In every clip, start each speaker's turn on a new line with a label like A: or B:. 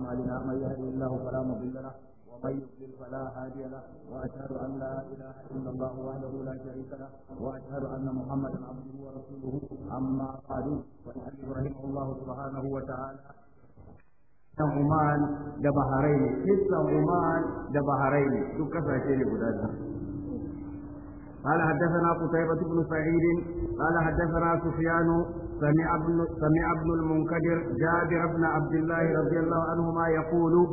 A: أعمالنا من يهده الله فلا مضل له ومن يضلل فلا هادي له واشهد ان لا اله الا الله وحده لا شريك له واشهد ان محمدا عبده ورسوله اما بعد فالحديث رحمه الله سبحانه وتعالى عمان da Bahrain kissa Oman da Bahrain duk kasashe ne قال حدثنا قتيبة بن سعيد قال حدثنا سفيان سمع ابن سمع ابن المنكدر جابر بن عبد الله رضي الله عنهما يقول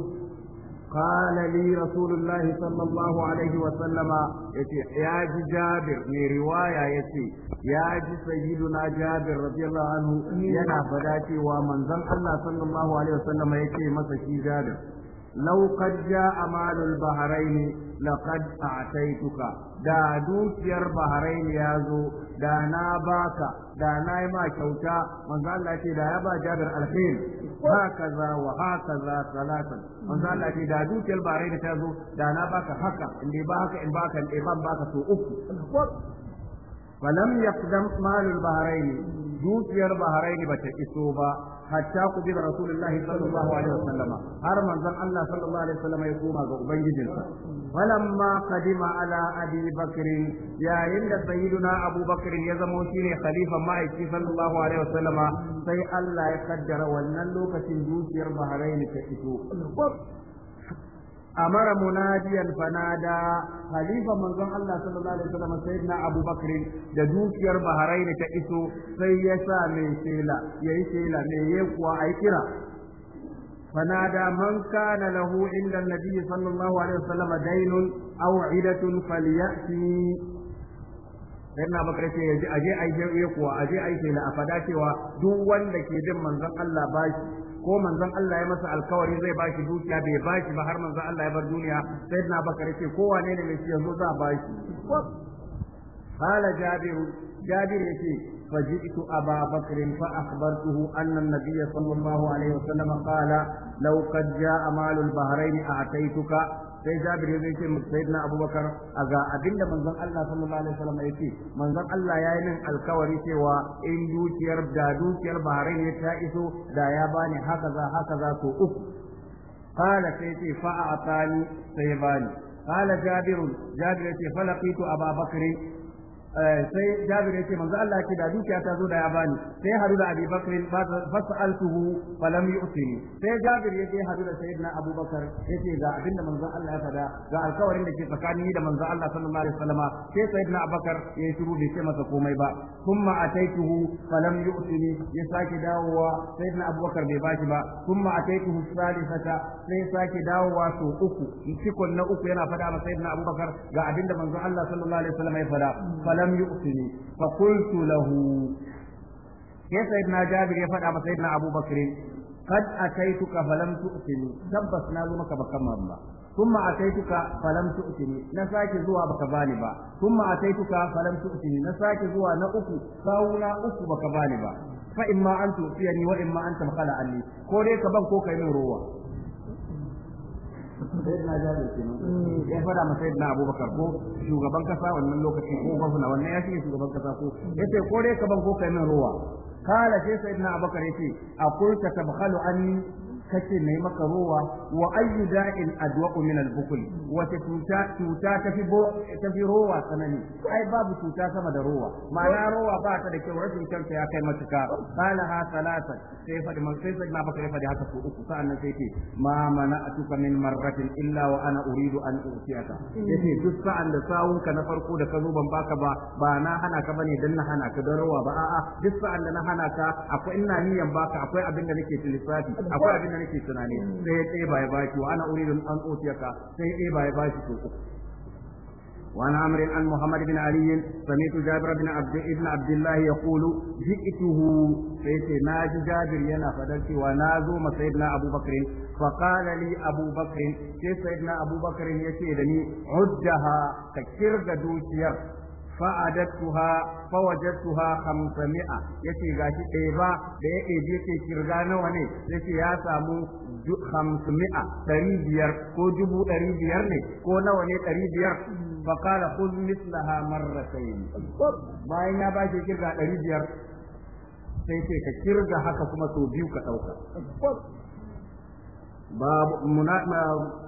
A: قال لي رسول الله صلى الله عليه وسلم يا جابر من رواية يتي يا سيدنا جابر رضي الله عنه ينا فداتي ومن زم الله صلى الله عليه وسلم يتي مسكي جابر لو قد جاء مال البحرين لقد أعطيتك دا دوكير بحرين يازو دا ناباكا دا نايما كوتا من ذا الله دا يبا جابر الحين هكذا وهكذا ثلاثا من ذا الله دا دوكير بحرين يازو دا ناباكا حكا اللي باكا إن باكا الإمام باكا سوء falam yaqdam malul bahrain dukiyar bahrain bata iso ba hatta ku bi rasulullahi sallallahu alaihi wasallam har manzon Allah sallallahu alaihi wasallam ya koma ga ubangijinsa falamma qadima ala abi bakr yayin da sayyiduna abu bakr ya zamo shine Khalifar ma'aiki sallallahu alaihi wasallam sai Allah ya kaddara wannan lokacin dukiyar bahrain ta iso amara munadiyan fanada khalifa manzon Allah sallallahu alaihi wasallam sayyidina Abu Bakr da dukiyar Bahrain ta iso sai ya sa mai shela yayi shela ne yayi kuwa ai kira fanada man kana lahu inda nabi sallallahu alaihi wasallam dainun, aw idatun falyati فليأتي sai ce aje ai je kuwa aje ai shela a fada cewa duk wanda ke jin manzon Allah bashi ko manzon Allah ya masa alkawari zai bashi shi dukiya bai bashi ba har manzon Allah ya bar duniya sai na bakar ce ko wane ne mai ciyar za a ba shi kala jabiru jabiru ya ce fajitu a bakrin fa akhbartuhu anna nabiyya sallallahu alaihi wasallam qala law qad jaa amalul bahrain a'taytuka sai jabir ya zai ce mu na abubakar a ga abinda manzon Allah sallallahu alaihi wasallam ya ce manzon Allah ya yi min alkawari cewa in dukiyar da dukiyar Bahrain ya ta iso da ya bani haka za haka za to uku qala sai ce fa atani sai bani qala jabir jabir ya ce fa abubakar Eh, sai Jabir yake manzo Allah yake da dukiya ta zo da ya bani sai Haruna Abi Bakr fa falam yu'tini sai Jabir yake Haruna Sayyidina Abu Bakr yake ga abinda manzo Allah ya fada ga alƙawarin da ke tsakani da manzo Allah sallallahu alaihi wasallam sai Sayyidina Abu Bakr yayi shiru da ke masa komai ba kuma ataituhu falam yu'tini ya sake dawowa Sayyidina Abu Bakr bai bashi ba kuma ataituhu salisata sai sake dawowa so uku cikon na uku yana fada ma Sayyidina Abu Bakr ga abinda manzo Allah sallallahu alaihi wasallam ya fada ولم يؤتني فقلت له يا سيدنا جابر يا فتى سيدنا أبو بكر قد أتيتك فلم تؤتني دبسنا لمك بكم الله ثم أتيتك فلم تؤتني نساك زوا بكبانبا ثم أتيتك فلم تؤتني نساك زوا نأكو فاونا أكو بكبانبا فإما أن تؤتيني وإما أن تبخل عني كوريك بان كوكا من روى sayyidina jabir kenan mm, ya fada masa sayyidina abubakar ko shugaban kasa wannan lokaci ko gwamna wannan ya shige shugaban kasa ko yace ko dai ka ban ko kai min ruwa kala sai sayyidina abubakar yace aqulta tabkhalu anni kace mai maka rowa wa ayyu da'in adwa'u min al-bukhl wa tuta tuta tafi bo tafi rowa sanani ai babu tuta sama da rowa ma'ana rowa ba ta da kyau rashin kyauta ya kai matuka qala ha salasa sai fadi sai sai ma baka fadi haka ko uku sa'annan sai ce ma mana'atuka min marratin illa wa ana uridu an u'tiyaka yace duk sa'an da ka na farko da ka zo ban baka ba ba na hana ka bane dan na hana ka da rowa ba a'a duk sa'an da na hana ka akwai ina niyan baka akwai abin da nake lissafi akwai abin haka nake tunani sai ɗaya ba ya bashi wa ana uridu an utiyaka sai ɗaya ba ya bashi to uku وعن عمرو عن محمد بن علي سمعت جابر بن عبد ابن عبد الله يقول جئته فيتي ناج جابر ينا فدلت ونازو ما سيدنا ابو بكر فقال لي ابو بكر كيف سيدنا ابو بكر يتي لني عدها تكرد دوشير فعدتها فوجدتها 500 yace gashi ɗaya ba da ya ɗebi ce kirga nawa ne yace ya samu 500 ɗari biyar ko dubu ɗari biyar ne ko nawa ne ɗari biyar faƙala kun mislaha marratayn bayan ya ba shi kirga ɗari biyar sai ce ka kirga haka kuma sau biyu ka ɗauka باب منا...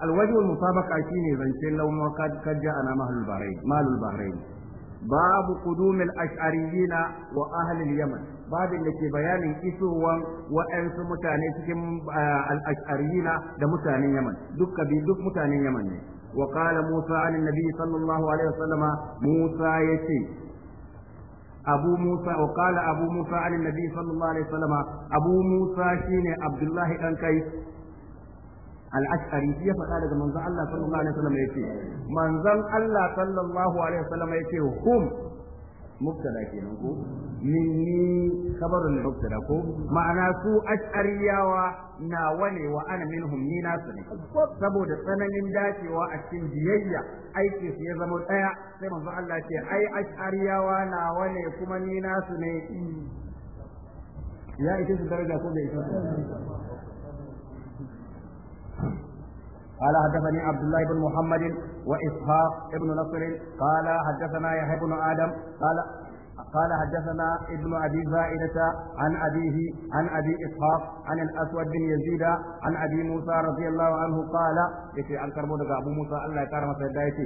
A: الوجه المسابقة شيني زنشين لو ما قد جاءنا مال البحرين مال البحرين babu qudumil ash'ariyina wa ahlil yaman babin da ke bayanin isowan waɗansu mutane cikin eh, al da mutanen yaman duk kabi duk mutanen yaman ne wa qala musa an annabi sallallahu musa yace abu musa abu musa an annabi sallallahu alaihi wasallama abu musa shine abdullahi dan kai al'ashari ashari ya faɗa daga manzon Allah sallallahu alaihi wasallam yace manzon Allah sallallahu alaihi wasallam yace hum mubtada kenan ko minni khabarun mubtada ko ma'ana su ash'ariyawa na wane wa ana minhum ni na su ne saboda tsananin dacewa a cikin biyayya aiki su ya zama daya sai manzon Allah ce ai ash'ariyawa na wane kuma ni na su ne ya ita su daraja ko bai ita قال حدثني عبد الله بن محمد وإسحاق بن نصر قال حدثنا يحيى بن آدم قال قال حدثنا ابن ابي زائدة عن ابيه عن ابي اسحاق عن الاسود بن يزيد عن ابي موسى رضي الله عنه قال يتي عن كربو ابو موسى الله يكرمه سيدايتي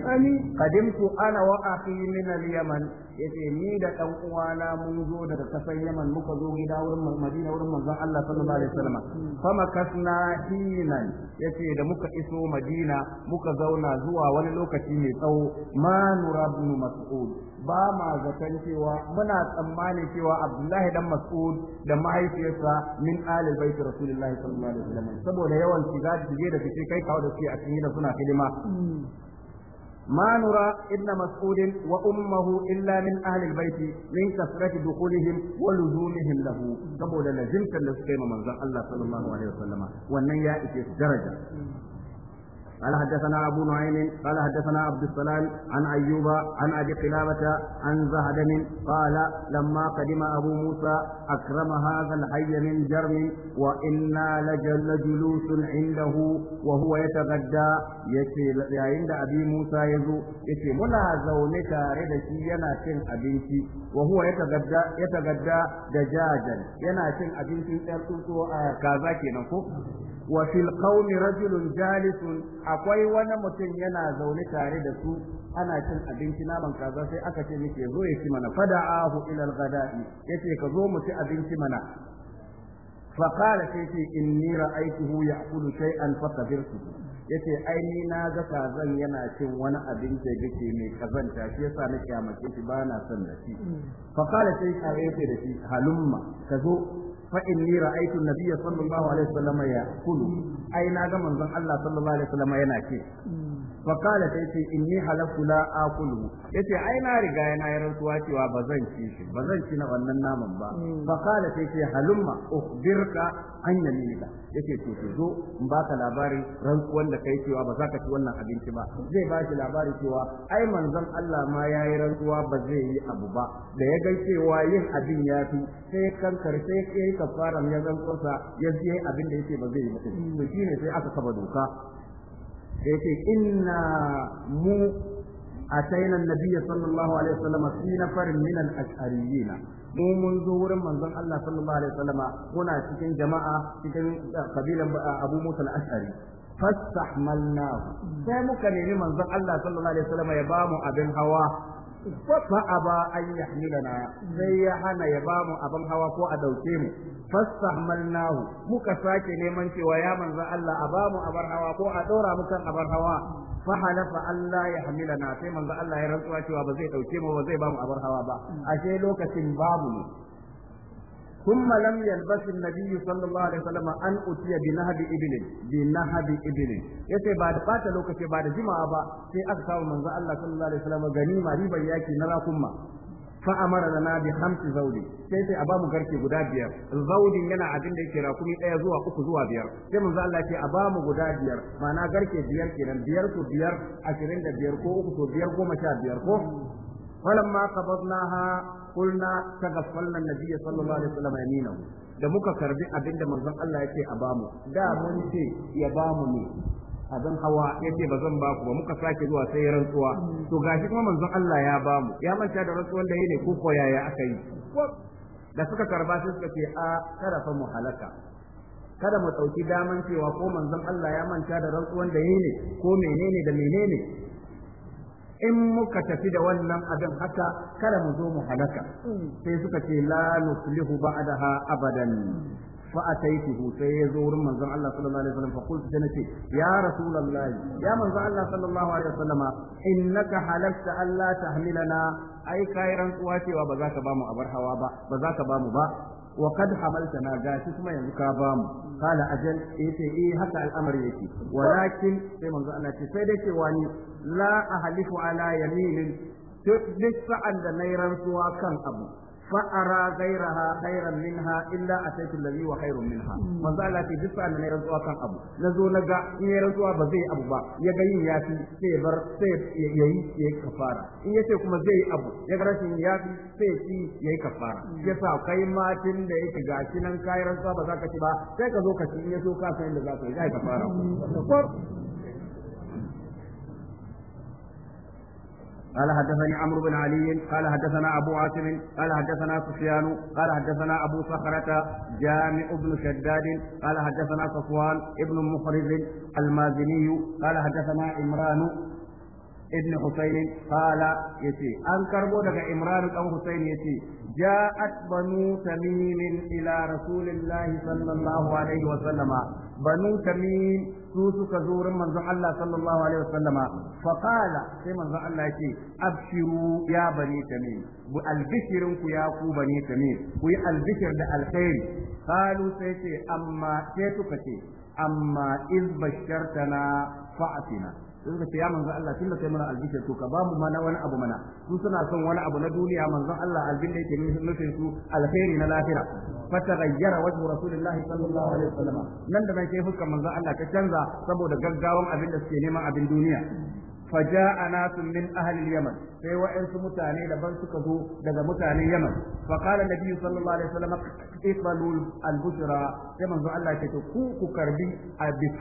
A: قدمت انا واخي من اليمن yace ni da ɗan uwana mun zo daga kasar Yaman muka zo gida wurin Madina wurin manzon Allah sallallahu alaihi wasallam fama kasna hinan yace da muka iso Madina muka zauna zuwa wani lokaci mai tsawo ma nurabnu mas'ud ba ma zaton cewa muna tsammanin cewa Abdullahi dan Mas'ud da mahaifiyarsa min ali bait Rasulullahi sallallahu alaihi wasallam saboda yawan shiga shige da fice kai kawo da su a cikin suna hidima ما نرى ابن مسعود وأمه إلا من أهل البيت من كثرة دخولهم ولزومهم له قبل لزمت لسكيم منزل الله صلى الله عليه وسلم وأن يأتي قال حدثنا أبو نعيم قال حدثنا عبد السلام عن أيوب عن أبي قلابة عن زهدم قال لما قدم أبو موسى أكرم هذا الحي من جرم وإنا لجل جلوس عنده وهو يتغدى يتي عند أبي موسى يزو يتي منا زوني تارد ينا تن أبنتي وهو يتغدى يتغدى دجاجا ينا تن أبنتي تلتوتو كذا كنكو wa fil qaumi rajulun jalisun akwai wani mutum yana zaune tare da su ana cin abinci naman kaza sai aka ce miki zo ya mana fada'ahu ila al-ghada'i yace ka zo mu ci abinci mana fa qala sai ce inni ra'aytuhu ya'kulu shay'an fakabirtu yace ai ni na ga kazan yana cin wani abinci da yake mai kazanta shi yasa na kyamace shi ba na son da shi fa qala sai yace da shi ka zo fa inni ra'aytu an-nabiy sallallahu alaihi wasallam ya'kulu ai na ga manzon Allah sallallahu alaihi wasallam yana ce fakala ta in ni halaktu la akulu yace ai na riga yana yi rantsuwa cewa ba zan ci shi ba zan ci na wannan naman ba hmm. faƙala ta ce halumma ukhbirka an Ya yace to ki zo in baka labarin rantsuwan da kai cewa ba za ka ci wannan abinci ba zai ba shi labarin cewa ai manzon Allah ma ya yi rantsuwa ba zai yi abu ba da ya ga cewa yin abin ya fi sai kan karshe sai kafaran ya rantsuwa ya yi abin da yake ba zai yi ba hmm. to sai aka saba doka yace inna mu ataina nabiyyi sallallahu alaihi wasallam fi nafarin min al-ash'ariyyin mu mun zo wurin manzon Allah sallallahu alaihi wasallam kuna cikin jama'a cikin kabilan Abu Musa al-Ash'ari fastahmalnahu sai muka nemi manzon Allah sallallahu alaihi wasallam ya bamu abin hawa fa aba an yahmilana sai ya hana ya ba mu abin hawa ko a dauke mu fastahmalnahu muka sake neman cewa ya manzo Allah a ba mu abar hawa ko a daura mu kan abar hawa fa halafa Allah ya hamilana sai manzo Allah ya rantsuwa cewa ba zai dauke mu ba zai ba mu abar hawa ba ashe lokacin babu ne ثم لم يلبس النبي صلى الله عليه وسلم ان اتي بنهب إبل بنهب إبل يتي بعد فات لوك بعد جمعة با سي أكثر من الله صلى الله عليه وسلم غنيمة ريبا ياكي نراكم fa'amara da na bi hamsi zaudi sai sai a bamu garke guda biyar zaudin yana abin da yake rakumi ɗaya zuwa uku zuwa biyar sai manzo Allah ce a bamu guda biyar mana garke biyar kenan biyar ko biyar ashirin da biyar ko uku ko biyar goma sha biyar ko falamma qabadnaha qulna tagaffalna an-nabiy sallallahu alaihi wasallam yaminahu da muka karbi abinda manzon Allah yake a bamu da mun ce ya bamu ne abin hawa yake ba zan baku ba muka sake zuwa sai rantsuwa to gashi kuma manzon Allah ya bamu ya manta da rantsuwan da yake ko ko yaya aka yi da suka karba sai suka ce a kada fa mu halaka kada mu ɗauki daman cewa ko manzon Allah ya manta da rantsuwan da yake ne ko menene da menene in muka tafi da wannan abin haka kada mu zo mu halaka sai suka ce la nuflihu ba'daha abadan fa ataituhu sai ya zo wurin manzon Allah sallallahu alaihi wasallam fa qultu sai nace ya rasulullahi ya manzon Allah sallallahu alaihi wasallam innaka halakta alla tahmilana ai kai rantsuwa cewa ba za ka bamu abar hawa ba ba za ka bamu ba wa kad hamaltana gashi kuma yanzu ka bamu kala ajal yace eh haka al'amari yake walakin sai manzo Allah ce sai dai cewa ni la ahlifu ala yaminin duk sa'an da nayi rantsuwa kan abu fa ara ghayraha khayran minha illa ataitu alladhi wa khayrun minha manzo Allah ce duk sa'an da nayi rantsuwa kan abu nazo naga in yayi rantsuwa ba zai abu ba ya ga yin fi sai bar sai yayi yayi kafara in yace kuma zai yi abu ya ga rashin yafi sai shi yayi kafara yasa kai matin da yake gashi nan yi rantsuwa ba za ka ci ba sai ka zo ka ci in so ka san da za ka yi kafara mm. قال حدثني عمرو بن علي قال حدثنا أبو عاصم قال حدثنا سفيان قال حدثنا أبو صخرة جامع بن شداد قال حدثنا صفوان ابن مخرز المازني قال حدثنا عمران ابن حسين قال يتي أنكر بودك عمران أو حسين يتي جاءت بنو تميم إلى رسول الله صلى الله عليه وسلم بنو تميم سوسك زور من الله صلى الله عليه وسلم فقال كما الله يكي أبشروا يا بني تميم البشر يا كو بني تميم وي البشر ده الخير قالوا سيتي أما سيتك أما إذ بشرتنا فأتنا sai suka ce ya manzon Allah tunda kai mana albishir to ka bamu mana wani abu mana su suna son wani abu na duniya manzon Allah albin da yake nufin su alkhairi na lahira fataghayyara wajhu rasulillahi sallallahu alaihi wasallam nan da na sai fuskar manzon Allah ta canza saboda gaggawan abin da suke neman abin duniya فجاء ناس من أهل اليمن في وإن متاني لبن سكزو لدى متاني يمن فقال النبي صلى الله عليه وسلم اقبلوا البشرى كما زعل الله تتكوك كربي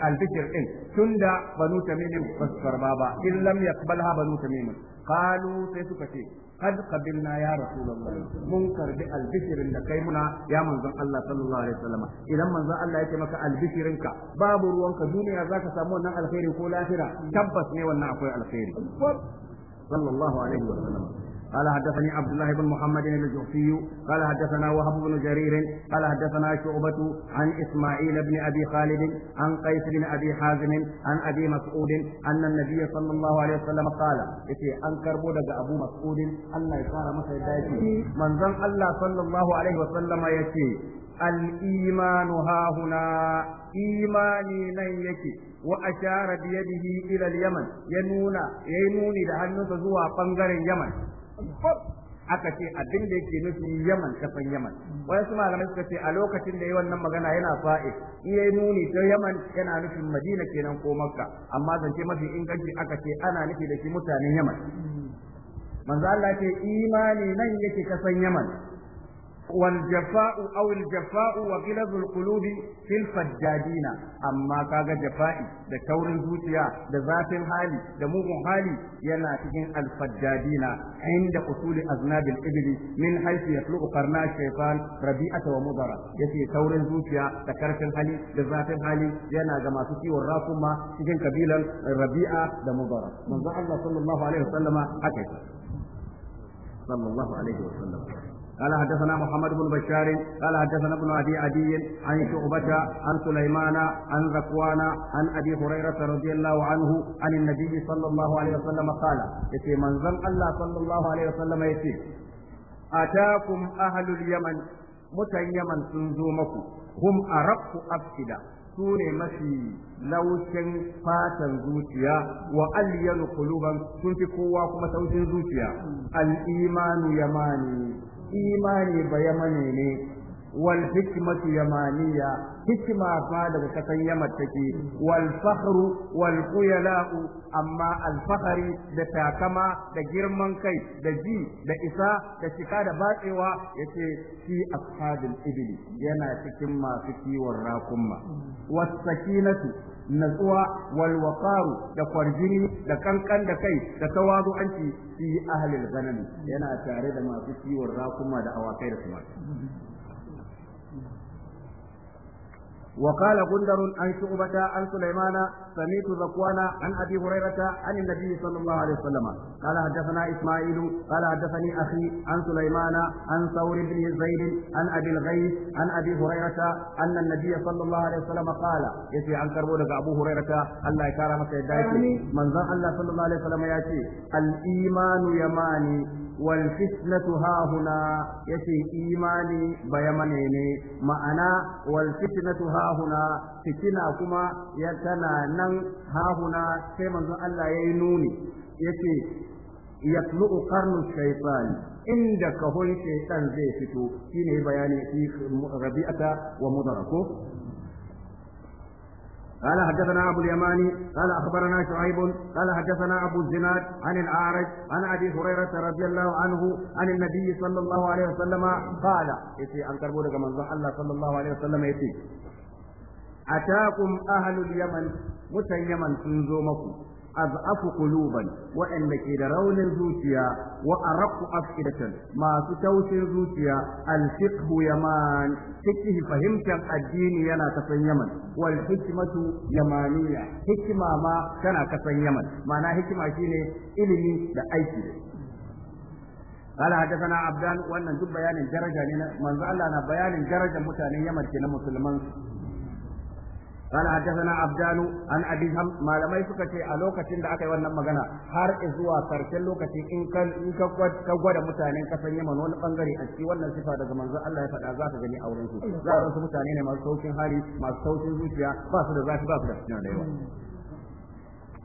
A: البشر إن تندى بنو تميم فسكر بابا إن لم يقبلها بنو تميم قالوا سيسكتي Had qabilna ya rasulullah mun karbi albishirin da kai muna ya manzon Allah sallallahu alaihi wasallam idan manzon Allah ya yake maka ka babu ruwanka duniya zaka samu wannan alkhairi ko lafira tabbas ne wannan akwai alkhairi قال حدثني عبد الله بن محمد الجوفي قال حدثنا وهب بن جرير قال حدثنا شعبة عن إسماعيل بن أبي خالد عن قيس بن أبي حازم عن أبي مسعود أن النبي صلى الله عليه وسلم قال إتي أنكر بودك أبو مسعود أن يقال مسعداتي من ظن الله صلى الله عليه وسلم يتي الإيمان ها هنا إيماني نيكي وأشار بيده إلى اليمن ينون ينوني لأنه زوا بنغر اليمن aka ce abin da yake nufi yaman kasan yaman wani su malamai suka ce a lokacin da yi wannan magana yana fa'i iya nuni ta yaman yana nufin madina kenan ko makka amma zance mafi inganci aka ce ana nufi da shi mutanen yaman manzo Allah ce imani nan yake kasan yaman والجفاء أو الجفاء وغلظ القلوب في الفجاجين أما كاغا جفائي ده كور زوتيا ده ذات الحالي ده موغن حالي ينا تجين الفجاجين عند أصول أذناب الإبل من حيث يخلق قرنا الشيطان ربيئة ومضرة يسي كور زوتيا ده كرف الحالي ده ذات الحالي ينا جما سكي والراكما تجين كبيلا ربيئة ده مضرة من الله صلى الله عليه وسلم حكي صلى الله عليه وسلم قال حدثنا محمد بن بشار قال حدثنا ابن ابي عدي عن شعبة عن سليمان عن ذكوان عن ابي هريرة رضي الله عنه عن النبي صلى الله عليه وسلم قال يتي من ذم الله صلى الله عليه وسلم يتي أتاكم أهل اليمن متن يمن سنزومكم هم أرق أفسدا su ne mafi laushin fatan zuciya wa alyanu quluban sun fi kowa kuma taushin zuciya al imanu yamani imani ba yamani ne wal hikmatu yamaniya hikima fa daga kasan yamar take wal fakhru wal khuyala'u amma al fakhri da takama da girman kai da ji da isa da cika da batsewa yace shi ashabil iblis yana cikin masu kiwon rakumma was sakinatu natsuwa wal waqaru da kwarjini da kankan da kai da tawazu'anci fi al ghanam yana tare da masu ciwon rakuma da awakai da tumaki وقال غندر عن شعبة عن سليمان سمعت ذكوان عن أبي هريرة عن النبي صلى الله عليه وسلم قال حدثنا إسماعيل قال حدثني أخي عن سليمان عن ثور بن زيد عن أبي الغيث عن أبي هريرة أن النبي صلى الله عليه وسلم قال يسي عن كربونك أبو هريرة الله يكرمك يدعيك من ذا الله صلى الله عليه وسلم يأتي الإيمان يماني wal fitnatu hahuna yace imani bayamane ne ma'ana wal fitnatu hahuna fitina kuma ya tana nan hahuna sai manzon Allah yayi nuni yace yatlu qarnu shaytani inda kahon shaitan zai fito shine bayani fi rabi'ata wa mudarako قال حدثنا أبو اليماني قال أخبرنا شعيب قال حدثنا أبو الزناد عن الأعرج عن أبي هريرة رضي الله عنه عن النبي صلى الله عليه وسلم قال يتي أن كربونك من الله صلى الله عليه وسلم يتي أتاكم أهل اليمن متى يمن تنزومكم az'afu quluban wa'anda ke da raunin zuciya wa arqu masu taushin zuciya al fiqh yaman fiqh fahimtar addini yana kasan yaman wal hikmatu yamaniya hikima ma tana kasan yaman ma'ana hikima shine ilimi da aiki قال حدثنا عبدان وان دب بيان درجه من الله انا بيان درجه متان يمن كنا مسلمان قال حدثنا عبدان عن ابي هم ما لم يسكت a lokacin da aka yi wannan magana har zuwa karshen lokaci in kan in ka gwada mutanen kasan Yaman wani bangare a cikin wannan sifa daga manzo Allah ya faɗa za ka gani a wurin su za ka mutane ne masu saukin hali masu saukin zuciya ba su da zafi ba su da fitina da yawa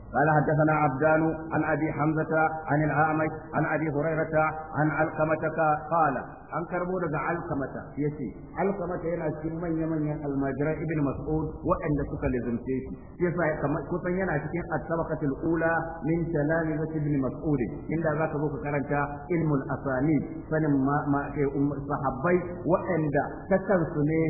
A: قال حدثنا عبدان عن ابي حمزه عن الاعمش عن ابي هريره عن علقمه قال an karbo daga alkamata ya ce alkamata yana cikin manya-manyan almajiran ibn mas'ud waɗanda suka lizumce shi yasa kusan yana cikin at-tabaqatul ula min talamizat ibn mas'ud inda zaka zo ka karanta ilmul asani sanin ma eh, um, sahabbai waɗanda ta kansu ne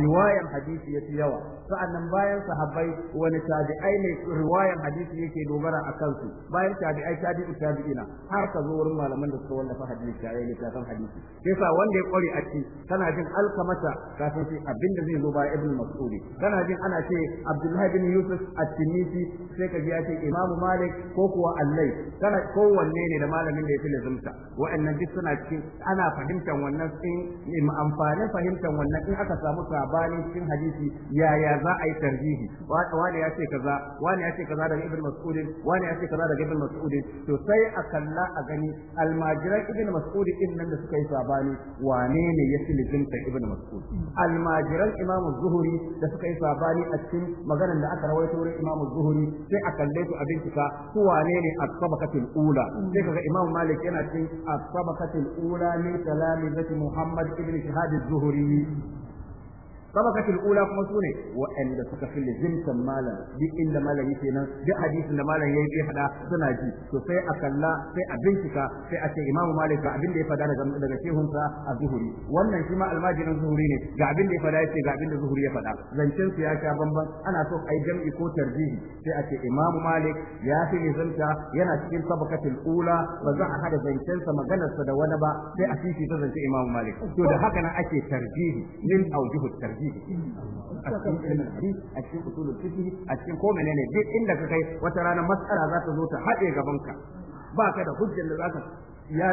A: riwayan hadisi yafi yawa sa'annan bayan sahabbai wani tabi'ai ne riwayan hadisi yake dogara a kansu bayan tabi'ai tabi'u tabi'ina har ka zo wurin malaman da suka wallafa hadisi tare da hadisi yasa wanda ya kware a ci kana jin alkamata kafin sai abinda zai zo ba ibn mas'udi kana jin ana ce abdullahi bin yusuf at-tinisi sai ka ji ya ce imamu malik ko kuwa allai kana kowanne ne da malamin da ya fi lazumta wa'annan duk suna cikin ana fahimtar wannan in amfanin fahimtar wannan in aka samu sabanin cikin hadisi yaya za a yi tarjihi wani ya ce kaza wani ya ce kaza daga ibn mas'ud wani ya ce kaza daga ibn mas'ud to sai a kalla a gani almajiran ibn mas'ud din nan da suka yi sabani sabani wane ne ya fi lizimta ibn mas'ud almajiran imam zuhuri da suka yi sabani a cikin maganar da aka rawaito wurin imam zuhuri sai a kalle su a bincika su wane ne as-sabaqatul ula sai kaga imam malik yana cikin as-sabaqatul ula ne, kalami zati muhammad ibn shihab zuhuri طبقة الأولى كما سوني وأن سكا في لزمت مالا دي إن مالا يتنا دي حديث إن مالا يبي حدا سناجي تو سي أكلا سي أبنتك سي أتي إمام مالك أبن دي فدانا دغا شيهم سا الزهري وأن شما الماجن الزهري ني غا أبن دي فدا يتي غا أبن الزهري يفدا زنشن سيا شا بمبا أنا سوك أي جمع كو ترجيه سي أتي إمام مالك يا في لزمت ينا cikin طبقة الأولى فزا أحد زنشن سا مغانا سدوانا با سي أتي في زنشن إمام مالك تو ده هكذا أتي ترجيه من أوجه الترجيه ji a cikin ilmin hadis a cikin usulul fiqh a cikin ko menene duk inda ka kai wata rana mas'ala za ta zo ta haɗe gaban ka ba ka da hujjar da za ka ya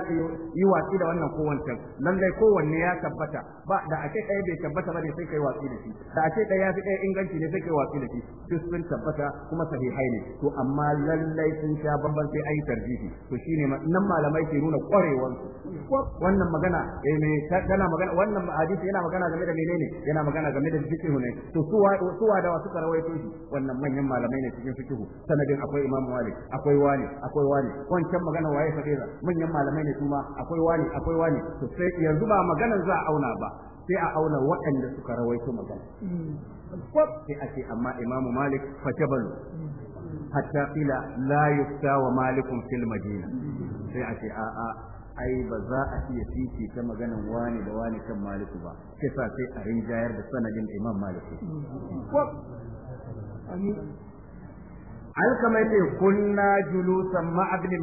A: yi watsi da wannan ko lallai kowanne ya tabbata ba da ake ɗaya bai tabbata ba ne sai kai watsi da shi da ake ɗaya ya fi ɗaya inganci ne sai kai watsi da shi duk sun tabbata kuma sahihai ne to amma lallai sun sha bamban sai ayi tarjihi to shine nan malamai ke nuna kwarewar wannan magana eh me tana magana wannan hadisi yana magana game da menene yana magana game da fiqhu ne to suwa suwa da wasu karawaito shi wannan manyan malamai ne cikin fiqhu sanadin akwai Imam Malik akwai wani akwai wani wancan magana waye fadira manyan malamai ne kuma akwai wani akwai wani to sai yanzu ba maganar za a auna ba sai a auna waɗanda suka rawaito magana sai a ce amma imamu malik fajabalu hatta fila la yufta wa malikun fil madina sai a ce a'a ai ba za a iya fifi ta maganan wani da wani kan maliku ba sa sai a rinjayar da sanadin imam maliki alkamai yake kunna julusan ma ibn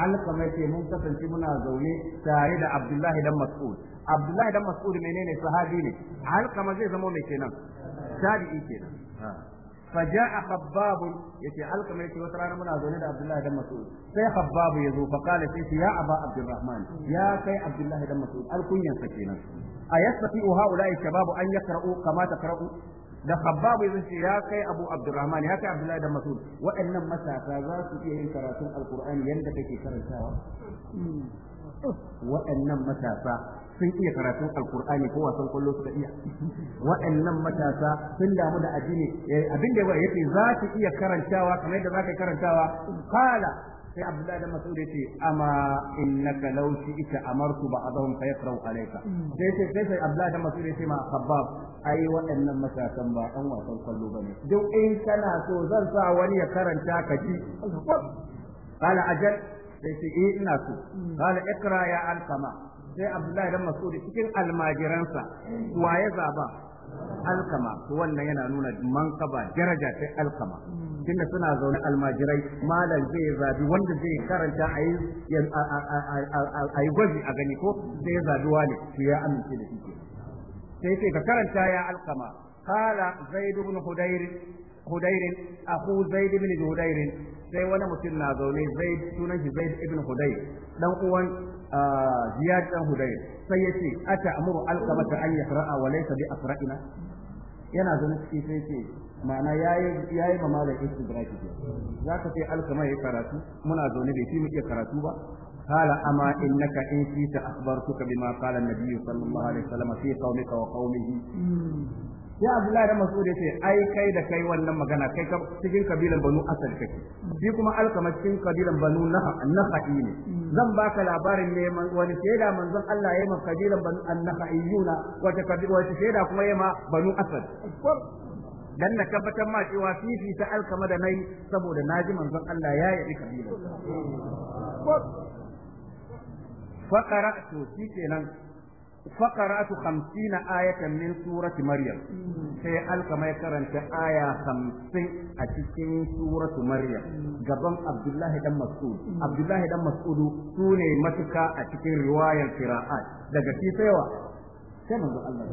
A: alkama ce mun kasance muna zaune tare da abdullahi dan mas'ud abdullahi dan mas'ud menene sahabi ne alkama zai zama mai kenan tabi'i kenan فجاء خباب يتي علقم يتي وترانا من أزولي عبد الله دم مسعود سي خباب يزو فقال يتي يا أبا عبد الرحمن يا سي عبد الله دم مسعود الكنيا سكينة أيستطيع هؤلاء الشباب أن يقرأوا كما تقرأوا da khabbab ya ce ya kai abu abdurrahman ya kai abdullahi da masud waɗannan matasa za su iya yin karatun alqur'ani yanda kake karantawa waɗannan matasa sun iya karatun alkur'ani ko wasan kwallo suka iya waɗannan matasa sun damu da addini eh, abin da yake za su iya karantawa kamar yadda za ka karantawa kala sai abdullahi da mas'ud ce, amma innaka law shi'ta amartu ba'dahum fa yaqra'u alayka sai sai sai sai abdullahi da mas'ud ce ma khabbab ai waɗannan matakan ba an wasan kallo bane duk in kana so zan sa wani ya karanta ka ji Kala أجل sai sai eh ina so Kala Ikra ya alkama sai abdullahi da mas'ud cikin almajiransa wa ya zaba alkama to wannan yana nuna mankaba daraja sai alkama tunda suna zaune almajirai malam zai zabi wanda zai karanta a yi gwaji a gani ko zai zabi wani to ya amince da shi sai sai ka karanta ya alkama qala zaid ibn hudayr hudayr aku zaid ibn hudayr sai wani mutum na zaune zaid sunan shi zaid ibn hudayr dan uwan ziyad dan hudayr sai yace ata amuru alkama ta an yaqra wa laysa bi asra'ina yana zaune cikin sai ce ma'ana ya yi ma malam istidraki ke za ka sai alkama ya karatu muna zaune bai fi mu iya karatu ba قال أما إنك إن شئت أخبرتك بما قال النبي صلى الله عليه وسلم في قومك وقومه ya abdullahi da masud ya ce ai kai da kai wannan magana kai ka cikin kabilan banu asad kake shi kuma alkama cikin kabilan banu naha'i ne zan baka labarin ne wani shaida manzon Allah yayi ma kabilan banu annaha'iyuna wata kabila wata shaida kuma yayi ma banu asad dan na tabbatar ma cewa fifi ta alkama da nai saboda naji manzon Allah ya yi kabila fa qara'tu kenan fa qara'tu 50 ayatan min surati maryam sai alkama ya karanta aya 50 a cikin suratu maryam gaban abdullahi dan mas'ud abdullahi dan mas'ud sune matuka a cikin riwayar qira'at daga shi sai wa Allah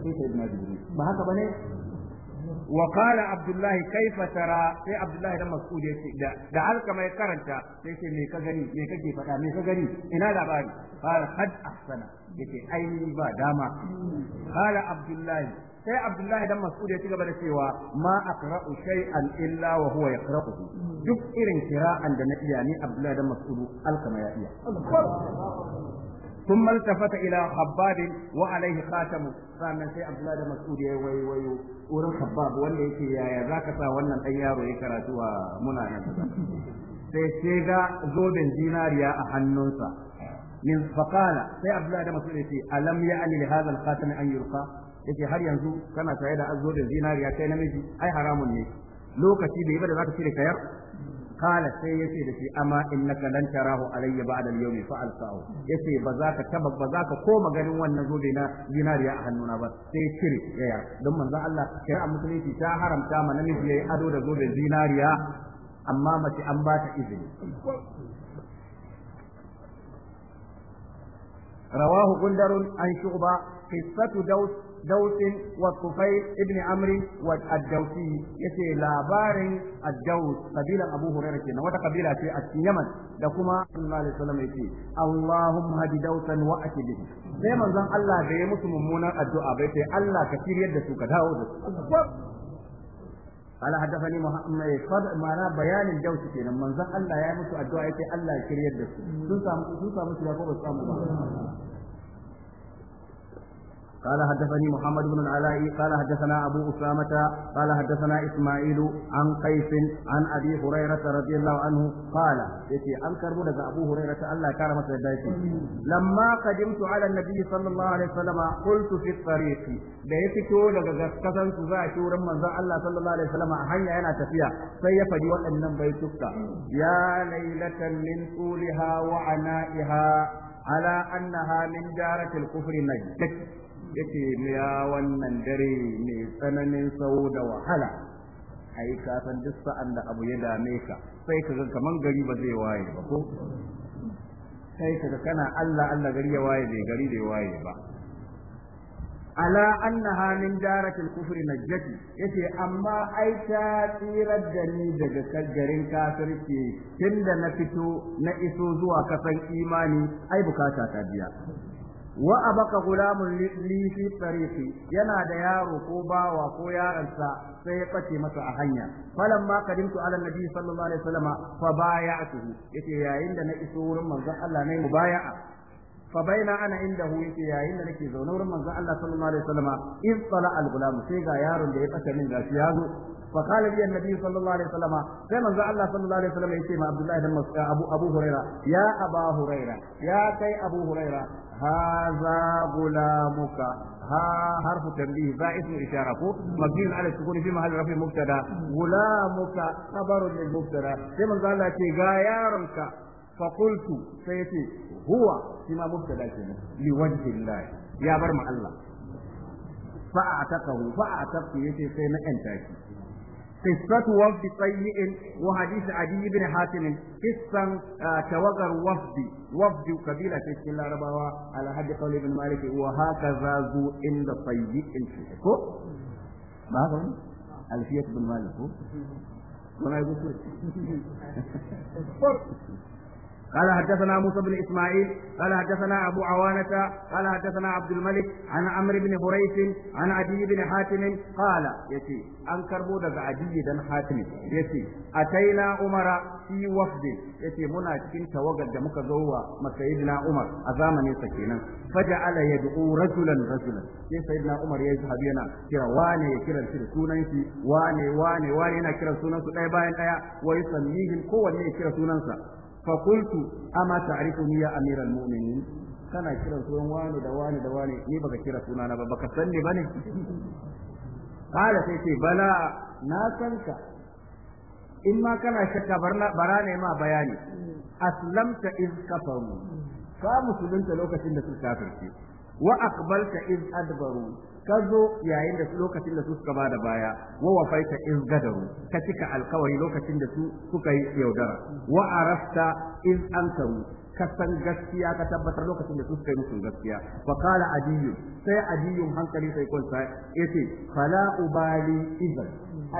A: sai sai ba haka bane wa qala abdullah kaifa tara sai abdullah dan mas'ud yace da da alka mai karanta sai me ka gani me kake faɗa me ka gani ina labari qala qad ahsana yace ai ba dama qala abdullah sai abdullahi dan mas'ud ya ci gaba da cewa ma aqra'u shay'an illa wa huwa yaqra'uhu duk irin kira'an da na iya ni abdullahi dan mas'ud alkama ya iya ثم التفت الى خباب وعليه خاتم فمن سي عبد الله مسعود يوي ويو wurin khabbab wanda yake yaya zaka sa wannan ɗan yaro ya karatu a muna nan sai sai ga zoben zinariya a hannunsa min faqala sai abdullahi da masu yace alam ya'ni li hadha al-khatam an yurqa yace har yanzu kana tare da zoben zinariya kai namiji ai haramun ne lokaci bai ba da za zaka cire kayar qala sai yace da shi amma na lan tarahu alayya ba'da da yawm fa alqahu yace ba za ka taba ba za ka koma ganin wannan zobe na zinariya a hannuna ba sai cire yaya don manzo Allah sai shari'a musulunci ta haramta ma namiji yayi ado da zobe zinariya amma mace an ba ta izini رواه قندر ba شعبة قصة دوس دوس والطفيل ابن عمرو والدوسي يتي لابار الدوس قبيلة أبو هريرة كنا قبيلة في اليمن لكما صلى الله عليه وسلم يتي اللهم هدي دوسا وأتي به sai manzon الله da ya musu mummunan addu'a bai sai Allah ka shiryar da قال حدثني محمد ما معنا بيان الجوش كده منزل الله يا مسو الدعاء الله يكريد دسو سوسا سامو سن سامو سيابو قال حدثني محمد بن العلاء قال حدثنا أبو أسامة قال حدثنا إسماعيل عن قيس عن أبي هريرة رضي الله عنه قال يتي أنكر مدى أبو هريرة الله كرم سيداتي لما قدمت على النبي صلى الله عليه وسلم قلت في الطريق da ya fito daga gaskatan su za a ci wurin manzon Allah sallallahu alaihi wasallam a hanya yana tafiya sai ya faɗi waɗannan baitukka ya laylatan min quliha wa ana'iha ala annaha min daratil kufri najd Yake ya wannan dare mai tsananin sau da wahala a yi kasan duk sa'an da abu ya dame ka sai ka ga kaman gari ba zai waye ba ko sai ka ga kana Allah Allah gari ya waye bai gari bai waye ba ala annaha min na kufri ya yace amma ai ta tsirar da ni daga garin kafirci tunda na fito na iso zuwa kasan imani ai bukata ta biya wa abaka gulamun li fi tariqi yana da yaro ko bawa ko yaransa sai ya bace masa a hanya falan ma kadimtu ala nabi sallallahu alaihi wasallam fa baya'tuhu yace yayin da na iso wurin manzon Allah ne mubaya'a fa baina ana indahu yace yayin da nake zaune wurin manzon Allah sallallahu alaihi wasallam in tsala al gulam sai ga yaron da ya bace min gashi ya zo فقال لي النبي صلى الله عليه وسلم sai زعل الله صلى الله عليه وسلم يتيم عبد الله بن أبو, أبو هريرة abu أبا هريرة يا كي أبو هريرة هذا غلامك ها حرف تنبيه بائس إشارة مبني على السكون في محل رفع مبتدا غلامك خبر للمبتدا كما قال لك غايارك فقلت سيتي هو كما مبتدا لوجه الله يا برم الله فأعتقه فأعتقه يتي سينا انتاكي قصة وفد طيء وحديث عدي بن حاتم قصة توغر وفد وفد قبيلة في الله ربا على حد قول ابن مالك وهكذا ذو عند طيء الفيكو ما هذا الفيك بن مالك وما يقول قال حدثنا موسى بن اسماعيل قال حدثنا ابو عوانه قال حدثنا عبد الملك عن عمرو بن هريث عن عدي بن حاتم قال يتي ان كربو دغ عدي بن حاتم يتي اتينا عمر في وفد يتي منا cikin tawagar da muka zo wa masayidina Umar a zamanin sa kenan faja'ala yad'u rajulan rajulan sai sayyidina Umar yayi sahabi yana kira wane ya kira shi da sunan wane wane yana kira sunansu ɗaya bayan ɗaya wa yusallihim kowanne ya kira sunansa فقلت أما تعرفني يا أمير المؤمنين kana kiran sunan wani da wani da wani ni baka kira sunana ba baka san ni bane kala sai ce bala na san ka in ma kana shakka bara ne ma bayani aslamta iz kafaru ka musulunta lokacin da suka kafirce wa aqbalta iz adbaru ka zo yayin da lokacin da su suka da baya wa wafaita in gadaru ka cika alkawari lokacin da su suka yi yaudara wa arafta in ankaru ka san gaskiya ka tabbatar lokacin da su suka yi musu gaskiya fa qala adiyyu sai adiyyu hankali sai kwanta yace fala ubali idan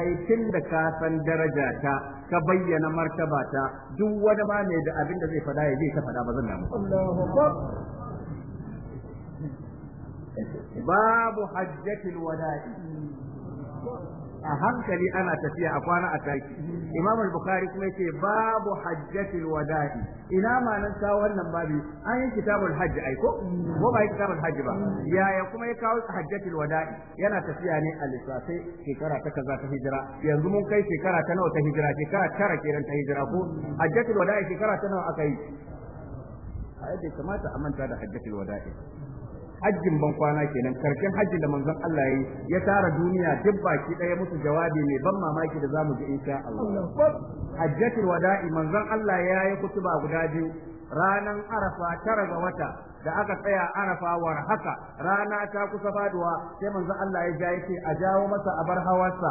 A: aikin da ka san daraja ta ka bayyana martaba ta duk wani ba mai da abin da zai fada ya zai ta fada ba zan damu Allahu babu hajjatul wada'i a hankali ana tafiya a kwana a taki imam al-bukhari kuma yake babu hajjatul wada'i ina ma nan sa wannan babu an yi kitabul hajj ai ko ko ba kitabul hajj ba yaya kuma ya kawo hajjatul wada'i yana tafiya ne a lissafe shekara ta kaza ta hijira yanzu mun kai shekara ta nawa ta hijira shekara tara kenan ta hijira ko hajjatul wada'i shekara ta nawa aka yi a yadda kamata a manta da hajjatul wada'i hajjin ban kwana kenan karshen hajji da manzon Allah yayi ya tara duniya duk baki daya musu jawabi mai ban mamaki da zamu ji insha Allah hajjatul wada'i manzon Allah ya yayi kutuba guda biyu ranan arafa tara ga wata da aka tsaya arafa war haka rana ta kusa faduwa sai manzon Allah ya ja yace a jawo masa a abar hawarsa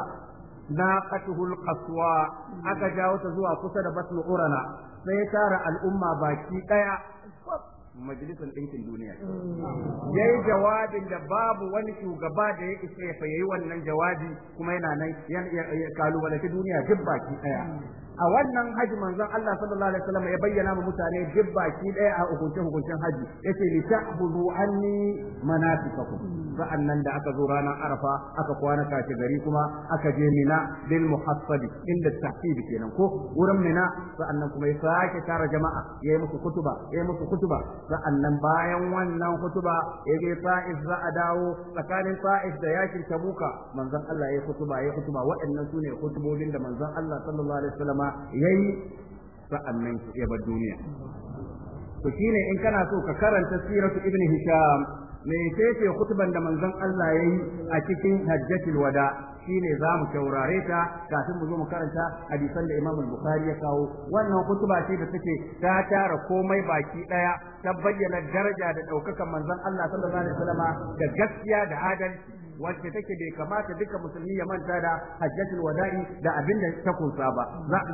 A: naqatuhul qaswa aka jawo ta zuwa kusa da basnu urana sai ya tara al'umma baki daya majalisar ɗinkin duniya mm. ya yi jawabin da babu wani shugaba da ya isa ya fayayi wannan jawabi kuma yana nan ya kalubalanci duniya duk baki ɗaya a wannan haji manzon Allah sallallahu alaihi wasallam ya bayyana ma mutane duk baki ɗaya a hukunce hukuncin haji yace li ta'khudhu anni sa'an nan da aka zo ranar arafa aka kwana kashe gari kuma aka je mina bil muhassabi inda tahsib kenan ko wurin mina sa'an nan kuma ya sake tara jama'a ya yi musu kutuba ya yi musu kutuba sa'an nan bayan wannan kutuba ya je ta'if za a dawo tsakanin ta'if da yakin tabuka manzon Allah ya yi kutuba ya yi kutuba waɗannan su ne kutubobin da manzon Allah sallallahu alaihi wasallama yayi sa'an nan ya bar duniya to shine in kana so ka karanta siratu ibn hisham mecece khutban da manzon Allah yayi a cikin hajjatul wada shine za mu taurare ta kafin mu zo mu karanta hadisan da Imam Bukhari ya kawo wannan khutba ce da take ta tara komai baki daya ta bayyana daraja da daukakan manzon Allah sallallahu alaihi wasallama da gaskiya da adalci wacce take bai kamata duka musulmi ya manta da hajjatul wada'i da abin da ta kunsa ba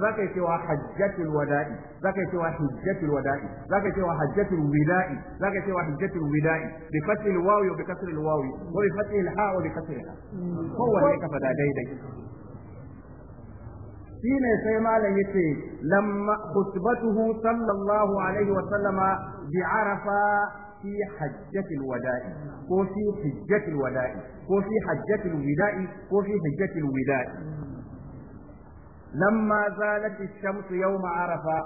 A: za ka yi cewa hajjatul wada'i za ka yi cewa hajjatul wada'i za ka yi cewa hajjatul wida'i za ka yi cewa hajjatul wida'i bi fathil wawi wa bi kasril wawi wa bi fathil ha wa bi kasriha kowanne ka fada daidai shine sai malam yace lamma khutbatuhu sallallahu alaihi wa sallama bi arafa fi hajjatil wada'i ko fi hajjatil wada'i ko fi hajjatul wida'i ko fi hajjatul wida'i lamma zalatish shamsu yawma arafa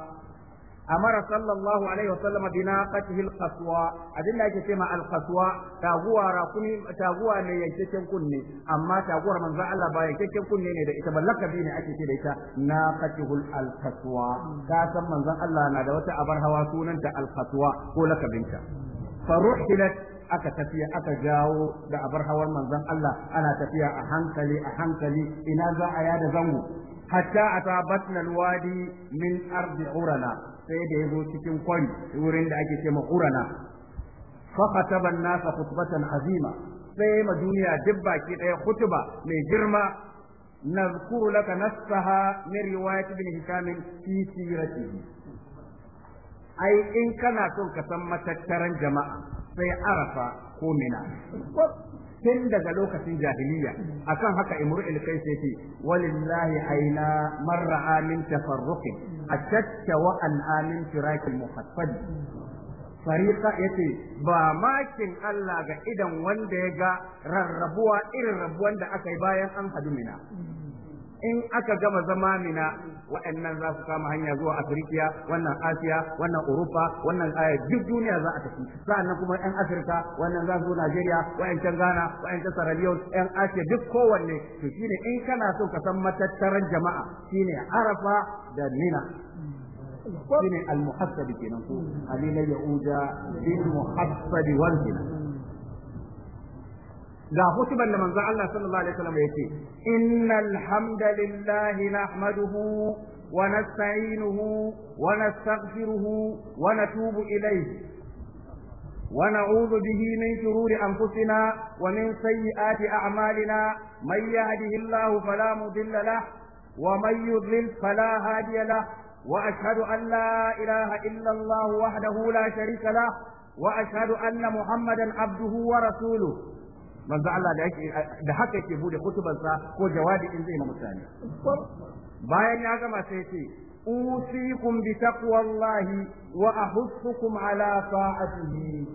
A: amara sallallahu alaihi wasallam binaqatihi alqaswa adinda yake cewa alqaswa taguwa rakuni taguwa ne yankeken kunne amma taguwar manzo Allah ba yankeken kunne ne da ita ballaka bi ne ake ce da ita naqatihi alqaswa da san manzo Allah na da wata abar hawa sunanta alqaswa ko lakabinta farhilat aka tafiya aka jawo da abar hawan manzon Allah ana tafiya a hankali a hankali ina za a yada zango hatta a batnal wadi min ardi urana sai da yazo cikin kwari wurin da ake cewa urana fa kataban an-nas khutbatan azima sai ma duniya duk baki daya khutba mai girma laka nasaha min riwayat ibn hisam titi في Ai in kana son ka san matattaran jama'a? sai arafa ko mina tun daga lokacin jahiliya akan haka imru ilkai sai fi walillahi aina marra amin tafarruqin atatta wa an amin firakil muhaffad fariqa yace ba makin Allah ga idan wanda ya ga rarrabuwa irin rabuwan da aka yi bayan an hadu mina in aka gama zama mina waɗannan za su kama hanya zuwa afirkiya wannan asiya wannan urufa wannan aya duk duniya za a tafi sa'annan kuma yan afirka wannan za su najeriya wa'ancan ghana wa'ancan sierra leone yan asiya duk kowanne to shine in kana so ka san matattaran jama'a shine arafa da mina shine al-muhassab kenan ko alilai yauja bil muhassab wal ga hutubar da manzon Allah sallallahu alaihi wasallam yake innal hamdalillahi nahmaduhu wa nasta'inuhu wa nastaghfiruhu wa natubu ilayhi wa na'udhu bihi min shururi anfusina wa min ati a'malina man yahdihillahu fala mudilla lah wa man yudlil fala hadiya lah wa ashhadu an illallahu ilaha illa la sharika lah wa ashhadu anna muhammadan abduhu wa rasuluhu manzo Allah da yake da haka yake bude kutubansa ko jawabi in zai ma mutane bayan ya gama sai yace usikum bi taqwallahi wa ahussukum ala sa'atihi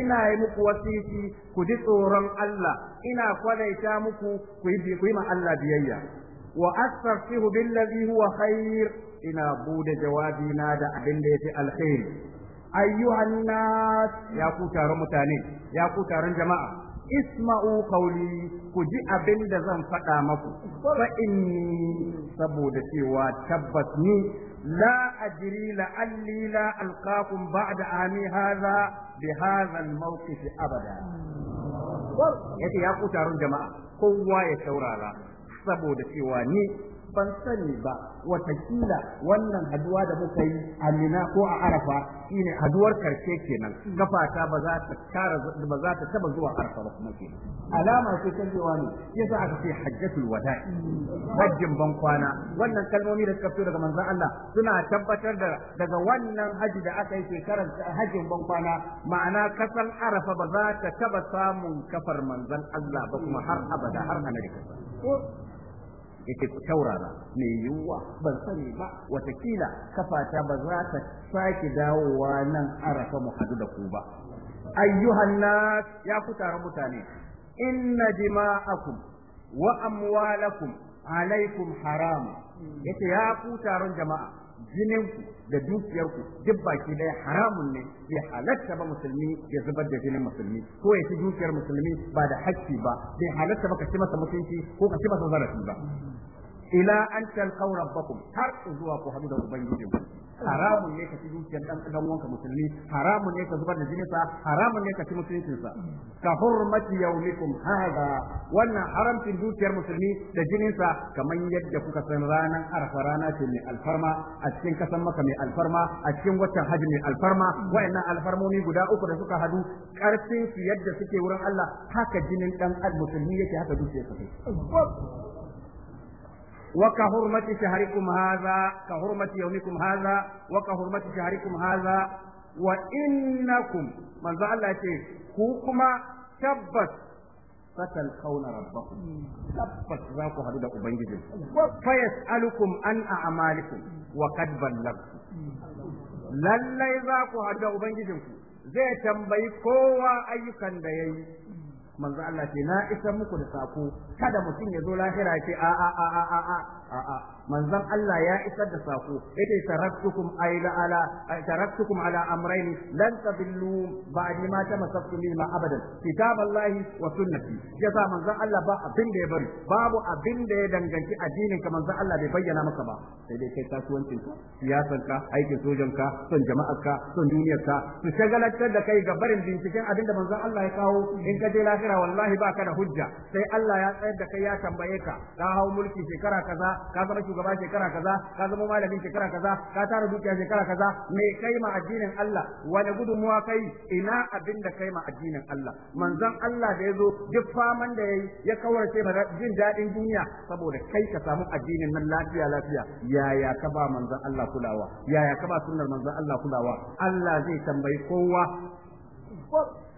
A: ina yi muku wasiti ku ji tsoron Allah ina kwadaita muku ku yi ma Allah biyayya wa astaghfiru billazi huwa khair ina bude jawabi na da abin da yafi alkhairi ayyuhan nas ya ku taron mutane ya ku taron jama'a isma'u qawli ku ji abin da zan faɗa maku fa inni saboda cewa tabbas ni la ajri la alli la alqakum ba'da ami hadha bi hadha almawqif abada yace ya ku taron jama'a kowa ya saurara saboda cewa ni ban sani ba watakila wannan haduwa da muka yi a mina ko a arafa shine haduwar karshe kenan kafata ba za ta kara ba za ta taba zuwa arafa ba kuma kenan alama ce ta cewa ne yasa aka ce hajjatul wada'i hajjin ban kwana wannan kalmomi da suka fito daga manzon Allah suna tabbatar da daga wannan haji da aka yi shekarar hajjin ban kwana ma'ana kasan arafa ba za ta taba samun kafar manzon Allah ba kuma har abada har Amerika yake ku taurara mai yiwuwa ban sani ba watakila kafata ba za ta sake dawowa nan arafa mu hadu da ku ba ayyuhan nas ya ku taron mutane inna dima'akum wa amwalakum alaikum haram yace ya ku taron jama'a jininku da dukiyarku duk baki ɗaya haramun ne ya halatta ba musulmi ya zubar da jinin musulmi ko ya ci dukiyar musulmi ba da hakki ba bai halatta ba ka ci masa mutunci ko ka ci masa zarafi ba ila an talqaw rabbakum har zuwa ku hadu da ubangijinku haramun ne ka ci dan dan wanka musulmi haramun ne ka zubar da jininsa haramun ne ka ci mutuncinsa ka hurmati yaumikum hada wannan haramcin dukiyar musulmi da jininsa kamar yadda kuka san ranan arfa rana ce mai alfarma a cikin kasan maka mai alfarma a cikin watan hajji mai alfarma wayannan alfarmomi guda uku da suka hadu karfin su yadda suke wurin Allah haka jinin dan musulmi yake haka dukiyar sa وكهرمة شهركم هذا كهرمة يومكم هذا وكهرمة شهركم هذا وإنكم من ذا الله كوكما تبت فتلقون ربكم تبت ذاك هذا أبنجد فيسألكم عن أعمالكم وقد بلغتم lallai za ku haɗa Ubangijinku zai tambayi kowa ayyukan da ya yi manzo Allah ce na isa muku da sako kada mutum ya zo lahira ya ce a a a a a a'a manzon Allah ya isar da sako yace taraktukum ayla ala taraktukum ala amrayn lan tabillu ba'di ma tamassaktum bihima abadan kitaballahi wa sunnati yasa manzon Allah ba abin da ya bari babu abin da ya danganci addinin ka manzon Allah bai bayyana maka ba sai dai kai kasuwancin ka siyasan ka aikin sojan ka son jama'ar ka son duniyar ka su shagalantar da kai ga barin binciken abin da manzon Allah ya kawo in ka je lahira wallahi baka da hujja sai Allah ya tsayar da kai ya tambaye ka ka hawo mulki shekara kaza ka zama shugaba shekara kaza ka zama malamin shekara kaza ka tara dukiya shekara kaza me kai ma addinin Allah wani gudunmuwa kai ina abin da kai ma addinin Allah manzon Allah da yazo duk faman da yayi ya kawarce ba jin dadin duniya saboda kai ka samu addinin nan lafiya lafiya yaya ka ba manzon Allah kulawa yaya ka ba sunnar manzon Allah kulawa Allah zai tambayi kowa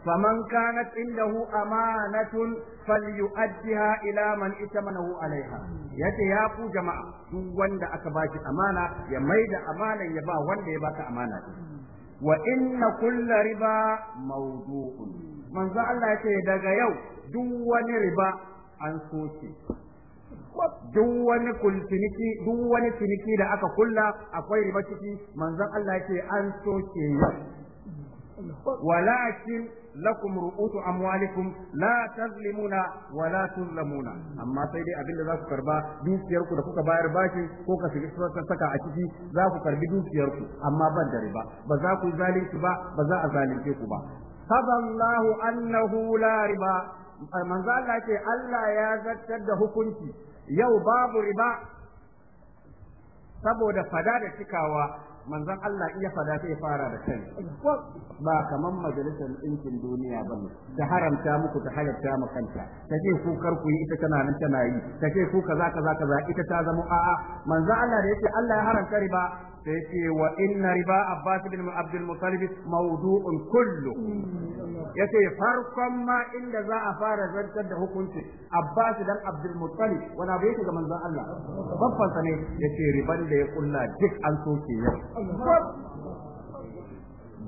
A: faman kanat indahu amanatun falyu'addiha ila man itamanahu alaiha yace ya ku jama'a duk wanda aka baki amana ya maida amana ya ba wanda ya baka amana wa inna kulla riba mawdu'un manzo Allah yace daga yau duk wani riba an soke duk wani kulfiniki duk wani ciniki da aka kulla akwai riba ciki manzon Allah yace an soke yau walakin lakum ru'usu amwalikum la tazlimuna wa la tuzlamuna amma sai dai da za ku karba dukiyar ku da kuka bayar bashi ko ka shiga saka a ciki za ku karbi dukiyar ku amma ban da riba ba za ku zalunci ba ba za a zalunce ku ba Allahu annahu la riba manzo Allah ce Allah ya zartar da hukunci yau babu riba saboda fada da cikawa manzon Allah iya fada sai fara da kai ba kaman majalisar ɗinkin duniya ba ne ta haramta muku ta halatta mu kanta ta ce ku kar ku yi ita tana nan tana yi ta ce ku kaza kaza kaza ita ta zama a'a manzon Allah da yake Allah ya haramta riba sai ce wa inna riba abbas bin abdul muttalib mawdu'un kullu yace farkon ma inda za a fara zartar da hukunci abbas dan abdul muttalib wani abu yake ga manzon Allah babban sa ne yace riban da ya kulla duk an soke yau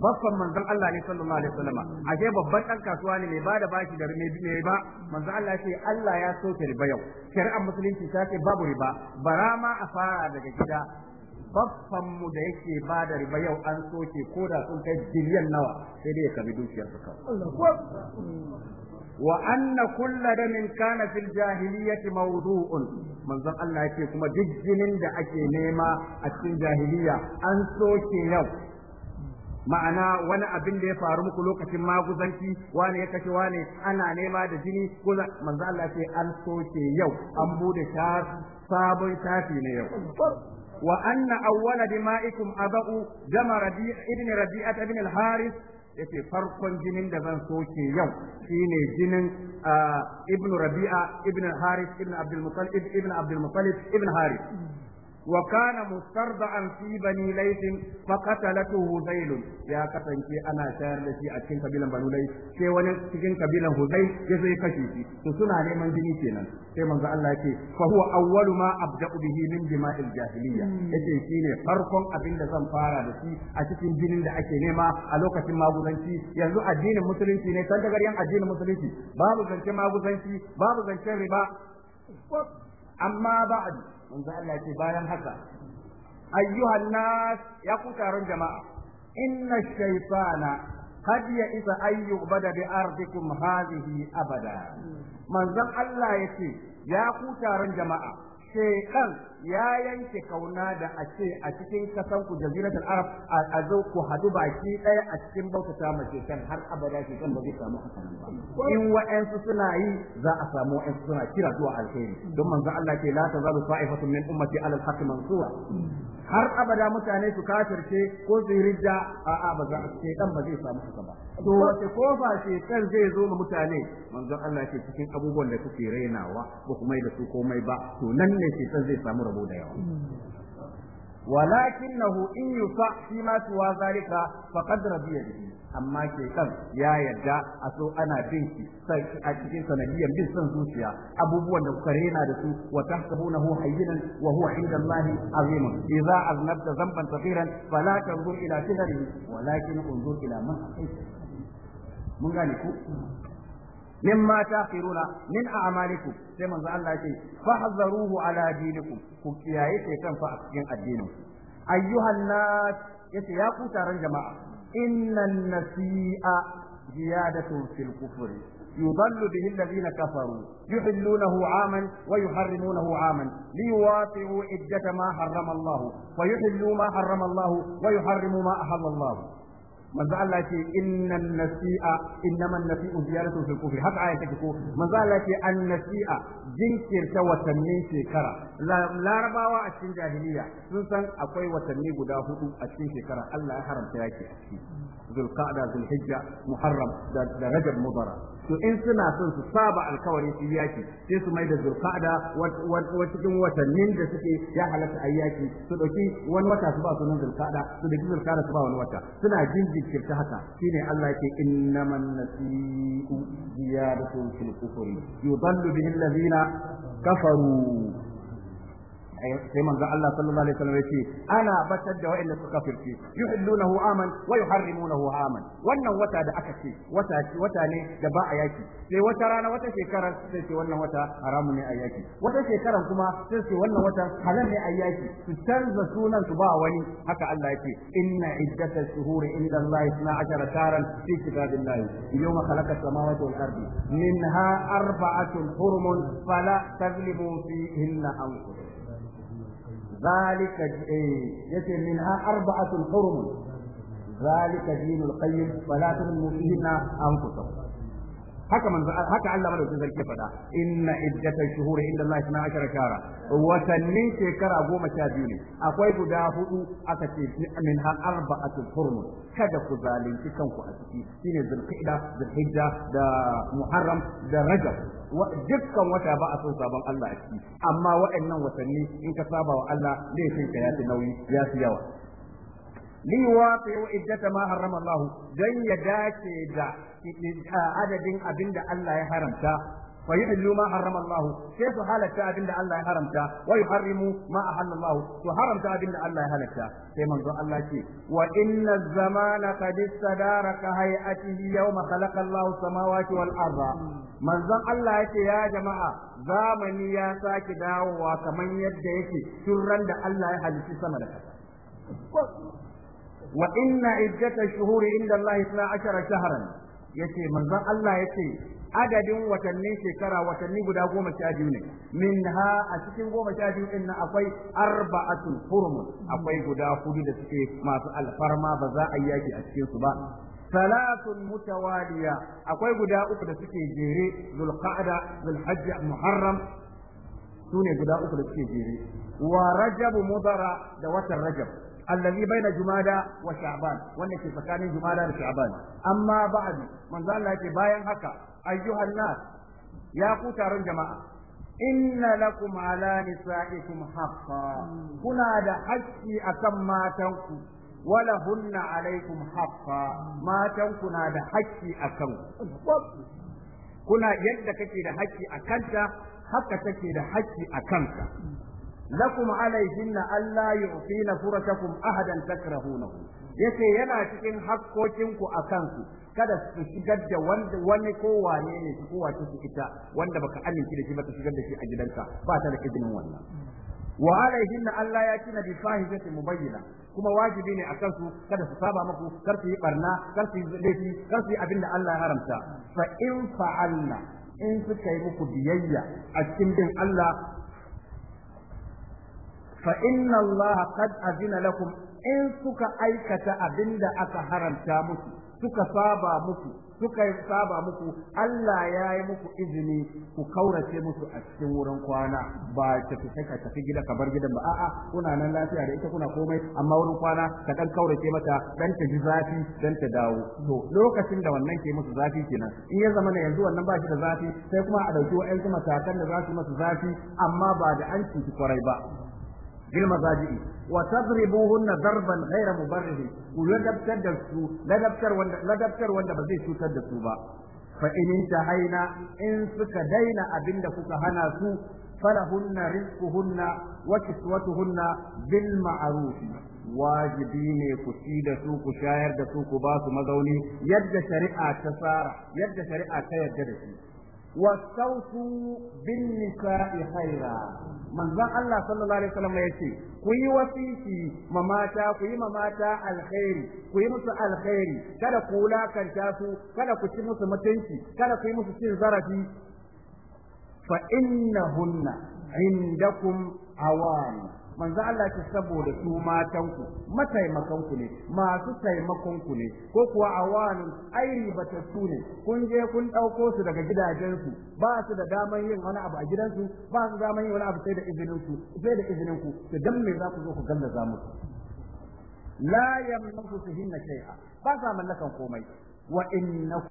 A: babban manzon Allah ne sallallahu alaihi wasallam ashe babban dan kasuwa ne mai bada bashi da mai bi ba manzon Allah ce Allah ya soke riba yau shari'ar musulunci ta ce babu riba bara ma a fara daga gida babban mu da yake ba da riba yau an soke ko da sun kai biliyan nawa sai dai ya kabi dukiyar su
B: kawai
A: وأن da min kana fil jahiliyyati mawdu'un manzon Allah yake kuma duk jinin da ake nema a cikin jahiliya an soke yau ma'ana wani abin da ya faru muku lokacin maguzanci wane ya kashe wane ana nema da jini ko manzo Allah yake an soke yau an bude sabon tafi na yau wa anna awwala dima'ikum aba'u dama rabi'a ibn rabi'a ibn al-haris yace farkon jinin da zan soke yau shine jinin ibn rabi'a ibn al-haris ibn abdul muttalib ibn muttalib ibn haris وكان مسترضعا في بني ليث فقتلته هذيل يا كتنكي انا شاير لشي اكين كبيلا بنو ليث سي وني cikin kabilan Hudayl ya zai kashe shi Su suna neman jini kenan sai manzo Allah yake fa huwa awwalu ma abda'u bihi min dima'il jahiliyya yace shine farkon abin da zan fara da shi a cikin jinin da ake nema a lokacin maguzanci yanzu addinin musulunci ne kan dagaryan addinin musulunci babu zance maguzanci babu zancen riba amma ba'd manzo Allah ce bayan haka ayyuhan nas ya ku taron jama'a inna shaytana qad ya'isa ayyu bada bi ardikum hadhihi abada manzon Allah yace ya ku taron jama'a shaytan ya yanke kauna da a ce a cikin kasan ku jaziratul arab a zo ku hadu baki ɗaya a cikin bautata mace kan har abada ke kan ba zai samu hakan ba in wa'ansu suna yi za a samu wa'ansu suna kira zuwa alheri don manzo Allah ke la tazalu fa'ifatu min ummati ala alhaq mansura har abada mutane su kafirce ko su ridda a'a ba za a ce dan ba zai samu hakan ba to wace kofa kan zai zo ga mutane manzon Allah ke cikin abubuwan da kuke rainawa ba kuma da su komai ba to nan ne shekar zai samu rabo da yawa in إن يطع فيما سوى ذلك فقد رضي به amma ke kan ya yarda a so ana bin shi sai a cikin sanadiyan bin san zuciya abubuwan da kuka rena da su wa tahsabunahu hayyinan wa huwa inda Allah azim idza aznabta zamban saghiran fala tanzur ila sihrihi walakin unzur ila man mun gane ku mimma takhiruna min a'malikum sai manzo Allah ke. fahzaruhu ala dinikum ku kiyaye shaytan fa a cikin addinin ayyuhan nas yace ya ku taron jama'a innan nasi'a ziyadatun fil kufri يضل به الذين كفروا يحلونه عاما ويحرمونه عاما ليواطئوا عدة ما حرم الله ويحلوا ما حرم الله ويحرموا ما أحل الله manzo Allah ce innan nasi'a innaman nasi'u ziyaratu fil kufri haka aya take ko manzo Allah ce an nasi'a jinkirta watanni shekara larabawa a cikin jahiliya sun san akwai watanni guda hudu a cikin shekara Allah ya haramta yake a ciki zulqa'da zulhijja muharram da rajab mudara to in suna son su saba alkawari su yaki sai su mai da zulqa'da cikin watannin da suke ya halatta a yaki su dauki wani wata su ba sunan zulqa'da su dauki zulqa'da su ba wani wata suna jinjirta haka shine Allah yake innaman nasiu ziyadatun fil kufri yudallu bihi alladhina kafaru sai manzon Allah sallallahu alaihi wasallam yace ana batar da wa'anda suka firki yuhillunahu aman wa yuharrimunahu aman wannan wata da aka ce wata wata ne da ba a yaki sai wata rana wata shekara sai ce wannan wata haramu ne a yaki wata shekaran kuma sai ce wannan wata halal ne a yaki su canza sunan su ba wani haka Allah yake inna iddatal shuhuri inda Allah 12 taran fi kitabillahi yawma khalaqa samawati wal ardi minha arba'atun hurumun fala tazlimu fihinna anfusakum ذلك يتي إيه، منها أربعة حرم ذلك دين القيم فلا تنمو فيهن أنفسهم haka manzo haka Allah madaukakin sarki ya faɗa inna iddatash shuhuri inda Allah 12 shara. watannin shekara goma sha biyu ne akwai guda hudu aka ce min har arba'atul hurmun kada ku zalunci kanku a ciki shine zulqa'da zulhijja da muharram da rajab dukkan wata ba a son sabon Allah a ciki amma waɗannan watanni in ka saba wa Allah laifin ka ya fi nauyi ya fi yawa liwa fi iddata ma harrama Allah dan ya dace da adadin abin da Allah ya haramta wa yuhillu ma harrama Allah sai su halatta abin da Allah ya haramta wa yuharrimu ma ahalla Allah su haramta abin da Allah ya halatta sai manzo Allah ce wa inna zamana qad istadara ka hay'atihi yawma khalaqa Allah samawati wal arda manzon Allah yake ya jama'a zamani ya sake dawowa kamar yadda yake turran da Allah ya halitta sama da Wa kasa وإن عدة الشهور عند الله 12 شهرا yace manzon Allah yace adadin watanni shekara watanni guda goma sha biyu ne minha a cikin goma sha biyu din akwai arba'atul hurum akwai guda hudu da suke masu alfarma ba za a yaki a cikin su ba salatun mutawaliya akwai guda uku da suke jere zulqa'da zulhajj muharram sune guda uku da suke jere wa rajab mudara da watan rajab allazi baina jumada wa sha'aba. wanda ke tsakanin jumada da sha'ban amma ba'du manzo Allah yake bayan haka ayyuhan nas ya ku taron jama'a inna lakum ala nisaikum haqqa kuna da haƙƙi akan matanku wala hunna alaikum haqqa matanku na da haƙƙi akan kuna yadda kake da haƙƙi a kanta haka take da haƙƙi a lakum alaihinna alla يعطين furatakum ahadan تكرهونه yace yana cikin hakkokinku a kansu kada su shigar da wani ko wane ne su kowa su ita wanda baka amince da shi ba shigar da shi a gidanka ba ta da izinin wannan wa alaihinna ya kina bi fahishatin mubayyana kuma wajibi ne a kansu kada su saba muku kar su yi barna kar su yi laifi kar su yi abin Allah ya haramta fa in fa'alna in suka yi muku biyayya a cikin bin Allah fa inna Allah qad azina lakum in suka aikata abinda aka haramta musu suka saba muku suka saba muku Allah ya yi muku izini ku kaurace musu a cikin wurin kwana ba ta fita ka tafi gida ka bar gidan ba a'a kuna nan lafiya da ita kuna komai amma wurin kwana ka dan kaurace mata dan ta ji zafi dan ta dawo to lokacin da wannan ke musu zafi kenan in ya zama na yanzu wannan ba shi da zafi sai kuma a dauki wa'ansu matakan da za su masa zafi amma ba da an ci kwarai ba bil mazaji'i wa tadribuhunna darban ghayra mubarrih ku ladabtar da su ladabtar wanda wanda ba zai cutar da su ba fa haina, in suka daina abin da kuka hana su falahunna rizquhunna wa kiswatuhunna bil ma'ruf wajibi ne ku ci da su ku shayar da su ku ba su mazauni yadda shari'a ta yadda yarda da shi واستوصوا بالنساء خيرا manzon Allah sallallahu alaihi wasallam ya ce ku yi wasiki ma mata ku yi ma mata alkhairi ku yi musu alkhairi kada ku wulakanta su kada ku ci musu mutunci kada ku yi musu cin zarafi fa innahunna indakum awani manzo Allah ce saboda su matan ku mataimakan ku ne masu taimakon ku ne ko kuwa awanun airi batattu ne kun je kun dauko su daga gidajen su ba su da daman yin wani abu a gidansu ba su daman yin wani abu sai da izinin su sai da izinin ku to dan me za ku zo ku zamu musu la yamliku hinna shay'a ba sa mallakan komai wa innakum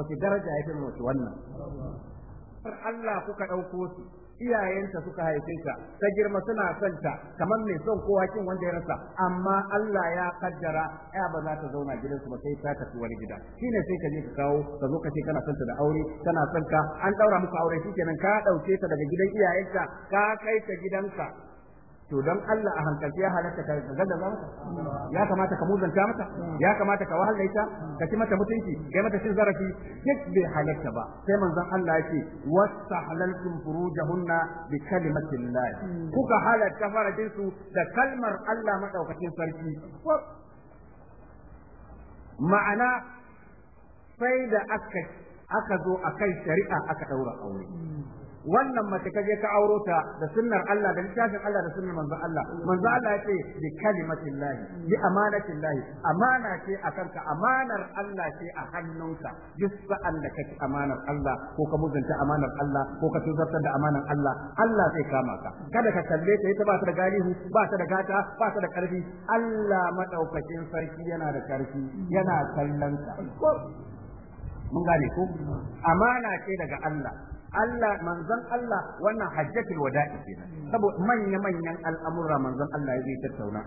A: wace daraja ya fi wace wannan har Allah kuka ɗauko su iyayenta suka haife ta ta girma suna son ta kamar mai son kowa kin wanda ya rasa amma Allah ya kaddara ya ba za ta zauna gidansu ba sai ta tafi wani gida shine sai ka je ka kawo ka zo ka ce kana son ta da aure kana son ka an daura muku aure shikenan ka dauke ta daga gidan iyayenta ka kai ta gidanka to dan Allah a hankalce ya halatta ka ga da zama ya kamata ka muzanta mata ya kamata ka wahala ita ka ci mata mutunci kai mata cin zarafi duk bai halatta ba sai manzon Allah yake wastahlaltum furujahunna bi kalimatillah kuka halatta farajin su da kalmar Allah madaukakin sarki ma'ana sai da aka aka zo akan shari'a aka daura aure wannan mace ka je ka auro ta da sunnar Allah da littafin Allah da sunnar manzo Allah manzo Allah ya ce bi kalimatin lahi bi amanatin lahi amana ce a kanka amanar Allah ce a hannunka duk sa'an da kake amanar Allah ko ka muzunta amanar Allah ko ka tuzartar da amanar Allah Allah zai kama ka kada ka kalle ta ita ba ta da galihu ba ta da gata ba ta da karfi Allah madaukakin sarki yana da karfi yana kallon ka mun gane ko amana ce daga Allah Allah manzon Allah wannan hajjatul wada'i kenan saboda manya manyan al'amura manzon Allah ya zai tattauna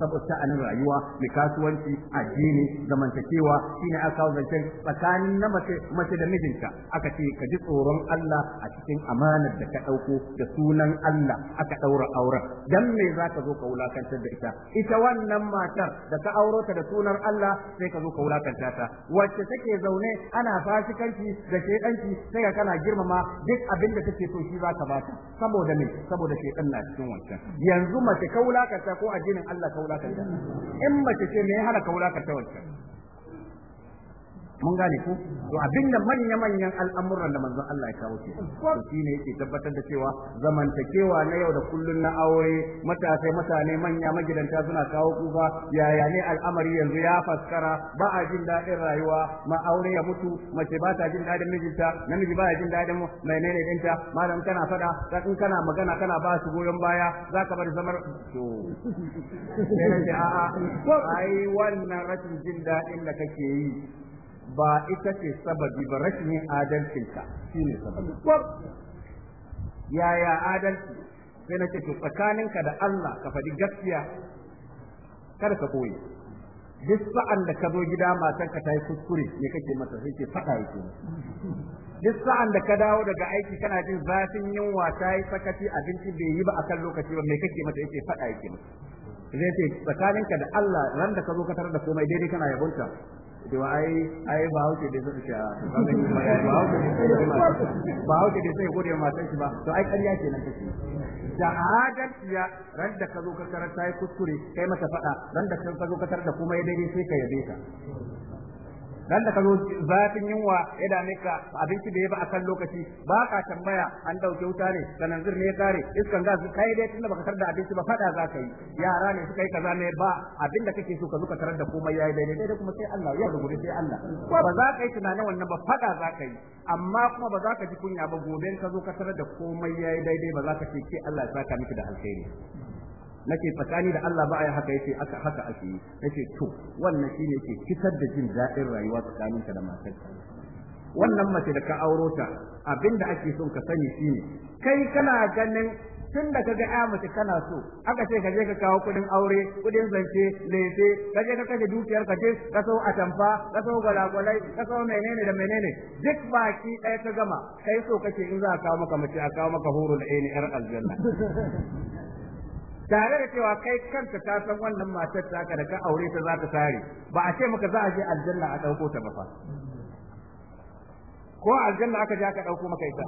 A: saboda sha'anin rayuwa mai kasuwanci addini zamantakewa shine aka kawo zancen tsakanin na mace mace da mijinta aka ce ka ji tsoron Allah a cikin amanar da ka dauko da sunan Allah aka daura auren dan me zaka zo ka wulakantar da ita ita wannan matar da ka auro ta da sunan Allah sai ka zo ka wulakanta ta wacce take zaune ana fasikanci da shedanci sai ka kana girmama duk abin da take so shi zaka ba ta saboda me saboda shedan na cikin wancan yanzu mace ka wulakanta ko addinin Allah ka wulakanta in mace ce me ya hana ka wulakanta wacce mun gane ku to abinda manya manyan al'amuran da manzon Allah ya kawo ke shi ne yake tabbatar da cewa zamantakewa na yau da kullun na aure matasa mutane manya magidanta suna kawo kuka yaya ne al'amari yanzu ya faskara ba a jin daɗin rayuwa ma aure ya mutu mace ba ta jin daɗin mijinta namiji ba ya jin daɗin menene dinta malam kana fada in kana magana kana ba su goyon baya zaka bar zamar to sai a'a ai wannan rashin jin daɗin da kake yi ba ita ce sababi ba rashin yin adalcinka shine sababi yaya adalci sai na ce to tsakaninka da Allah ka faɗi gaskiya kada ka koyi duk sa'an da ka zo gida matarka ta yi kuskure ne kake mata sai ke faɗa yake duk sa'an da ka dawo daga aiki kana jin zafin yunwa ta yi sakaci abinci bai yi ba a kan lokaci ba me kake mata yake faɗa yake mata zai ce tsakaninka da Allah ran da ka zo ka tarar da komai daidai kana yabonta cewa ai ai ba hauke da suka ce ba hauke ba hauke da sai gode matan shi ba to ai ƙarya ce nan take da adalciya ran da ka zo ka karanta yi kuskure kai mata faɗa ran da ka zo ka tarar da kuma ya daidai sai ka yabe ka dan da ka zo zafin yunwa ya dame ka abinci da ya ba a kan lokaci ba ka tambaya an dauke wuta ne sanan ne ya kare iskan gas kai dai tunda baka tarda abinci ba fada za ka yi yara ne suka yi kaza ne ba abin da kake so ka zo ka tarar da komai yayi daidai dai kuma sai Allah ya rubuta sai Allah ba za ka yi tunanin wannan ba fada za ka yi amma kuma ba za ka ji kunya ba gobe ka zo ka tarar da komai yayi daidai ba za ka ce ke Allah ya saka miki da alheri nake tsakani da Allah ba a yi haka yace aka haka ake yi yace to wannan shine yake fitar da jin daɗin rayuwa tsakaninka da ka wannan mace da ka auro ta abinda ake son ka sani shine kai kana ganin tun da kaga ya mace kana so aka ce ka je ka kawo kudin aure kudin zance lefe ka je ka kaje dukiyar ka je ka sau atamfa ka sau gwalagwalai ka so menene da menene duk baki ɗaya ka gama kai so kace in za a kawo maka mace a kawo maka horo da aini yar aljanna tare da cewa kai kanka ta san wannan matar taka da ka aure ta za ta tare ba a ce maka za a je aljanna a ɗauko ta ba fa ko aljanna aka je aka ɗauko maka ita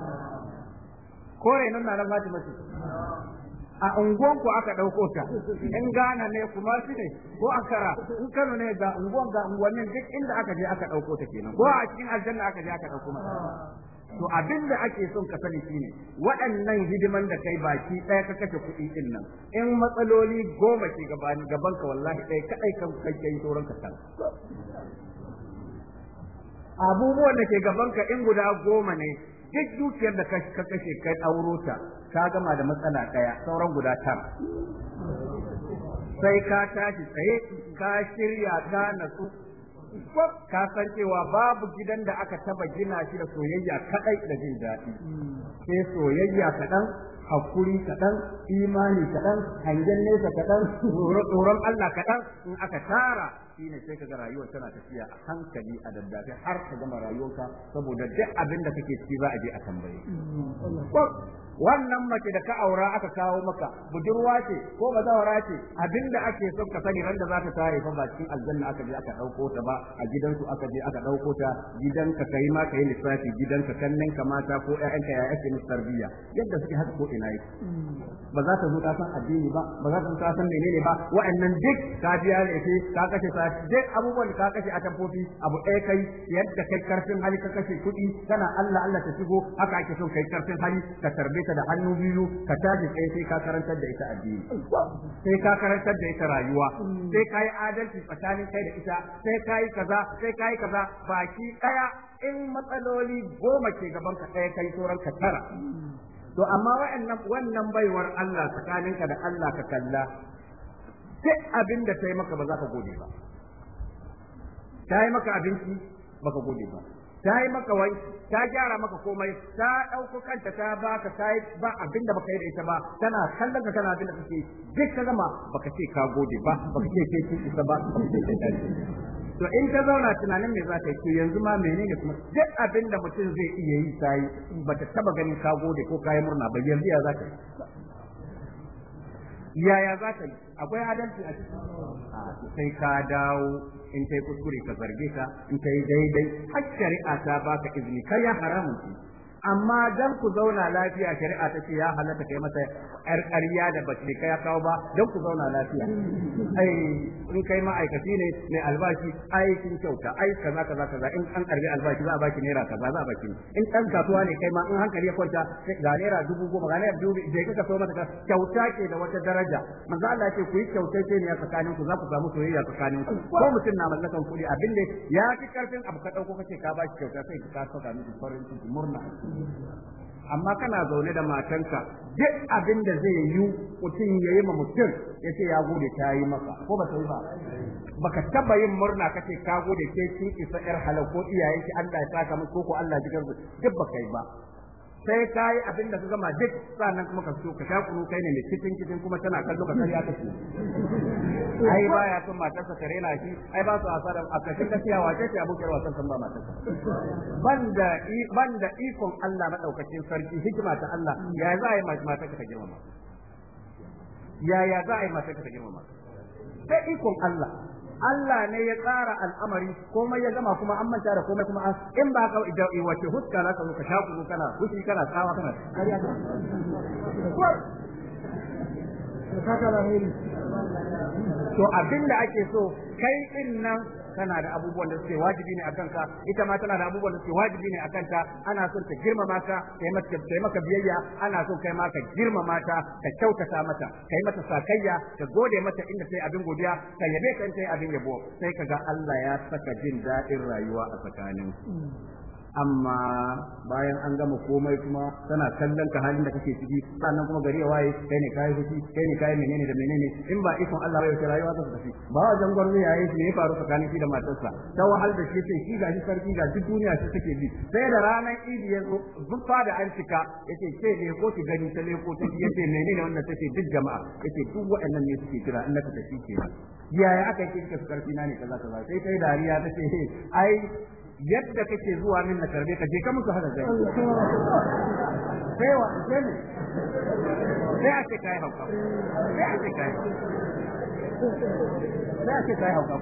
A: ko rainon na nan Fatima mace a unguwanku aka ɗauko ta in Ghana ne kuma shi ne ko Ankara in Kano ne ga unguwan ga unguwannin duk inda aka je aka ɗauko ta kenan ko a cikin aljanna aka je aka ɗauko mata to abin da ake son ka sani shine waɗannan hidiman da kai baki ɗaya ka kashe kuɗi din nan in matsaloli goma ke gaban ka wallahi ɗaya ka kan kai sauran ka san abubuwan da ke gaban ka in guda goma ne duk dukiyar da ka kashe kai auro ta ka gama da matsala ɗaya sauran guda tara sai ka tashi tsaye ka shirya ka nasu ka san cewa babu gidan da aka taba gina shi da soyayya kadai da jin daɗi sai soyayya kaɗan hakuri kaɗan imani kaɗan hangen nesa kaɗan tsoron Allah kaɗan in aka tara shi ne sai kaga rayuwar tana tafiya a hankali a daddafe har ka gama rayuwarka saboda duk abin da kake ciki za a je a tambaye wannan mace da ka aura aka kawo maka budurwa ce ko bazawara ce abinda ake son ka sani ran da za ta tare fa ba cikin aljanna aka je aka dauko ta ba a gidansu aka je aka dauko ta ka kai ma kai lissafi ka, kannan ka mata ko ƴaƴanka ya ake musu tarbiyya yadda suke haka ko ina yake ba za ta zo ta san addini ba ba za ta zo ta san menene ba wa'annan duk ka biya ne ce ka kashe sa duk abubuwan ka kashe a tamfofi abu ɗaya kai yadda kai karfin hali ka kashe kuɗi kana Allah Allah ta shigo haka ake son kai karfin hali ka tarbe ka da hannu biyu ka tashi tsaye sai ka karantar da ita addini sai ka karantar da ita rayuwa sai ka yi adalci tsakanin kai da ita sai ka yi kaza sai ka yi kaza baki ɗaya in matsaloli goma ke gaban ka ɗaya kai sauran ka tara to amma wa'annan wannan baiwar Allah tsakaninka da Allah ka kalla sai abin da ta maka ba za ka gode ba ta maka abinci ba ka gode ba ta yi maka wanki ta gyara maka komai ta ɗauko kanta ta baka ta yi ba abin da baka yi da ita ba tana kallon ka kana abin da kake duk ka gama baka ce ka gode ba baka ce ke kin isa ba to in ka zauna tunanin me za ta yi to yanzu ma menene kuma duk abin da mutum zai iya yi ta yi bata taba ganin ka gode ko kayi murna ba yanzu ya za ta yi yaya za ta yi akwai adalci a cikin sai ka dawo in kai kuskure ka zarge ta in kai daidai har shari'a ta baka izini kai ya haramun ki amma dan ku zauna lafiya shari'a ta ce ya halatta kai masa yar ƙarya da ba ce kai kawo ba dan ku zauna lafiya ai in kai ma'aikaci ne mai albashi ai kin kyauta ai kaza kaza kaza in an karbi albashi za a baki naira kaza za a baki in dan kasuwa ne kai ma in hankali ya kwanta ga naira dubu goma ga naira dubu da kika so mata kyauta ke da wata daraja manzo Allah ce ku yi kyautace ne a tsakanin ku za ku samu soyayya tsakanin ku ko mutum na mallakan kuɗi abin da ya fi karfin abu ka dauko kace ka bashi kyauta sai ka saka miki farin ciki murna amma kana zaune da matanka duk abin da zai yi mutum ya yi ma mutum ya ce ya gode ta yi maka ko ba ta yi ba baka taba yin murna kace ka gode ke kin isa yar halal ko iyayen ki Allah ya saka mu ko Allah ya jigar duk baka yi ba sai ka yi abin da ka gama duk sannan kuma ka so ka sha kai ne mai cikin cikin kuma tana kallo ka karya kake ai ba ya son matarsa ta rena shi ai ba su asara a kashin gaskiya wace ce abokiyar wasan san ba matarsa banda banda ikon Allah madaukakin sarki hikima ta Allah ya za a yi matarsa ta girmama yaya za a yi matarsa ta girmama Ta ikon Allah Allah ne ya tsara al'amari komai ya gama kuma an manta da komai kuma an in ba ka da wace huska za ka zo ka shaku kana kushi kana tsawa kana kariya ka to abin da ake so kai din nan kana da abubuwan da suke wajibi ne akan ka ita ma tana da abubuwan da suke wajibi ne akan ta ana son ta girmama ka kai maka biyayya ana son kai ma ka girmama ta ka kyautata mata kai mata sakayya ka gode mata inda sai abin godiya ka yabe ka in sai abin yabo sai ka ga Allah ya saka jin daɗin rayuwa a tsakaninku. amma bayan an gama komai kuma tana kallon ka halin da kake ciki sannan kuma gari ya waye kai ne kai fushi kai ne kai menene da menene in ba ikon Allah ba yau rayuwa ta tafi ba wa jangwar ne ne ya faru tsakanin shi da matarsa ta wahal da shi ce shi gashi sarki ga duk duniya shi take bi sai da ranar idi ya zo zuffa da arsika yake ce ne ko ki gani ta ne ko ta yace menene wannan take duk jama'a yace duk waɗannan ne suke kira in na tafi ba. yaya aka yi kika karfi na ne kaza kaza sai kai dariya tace ai yadda kake zuwa min na karbe ka je ka musu haka zai
B: sai wa ce ne sai ake kai hauka sai ake kai
A: sai ake kai hauka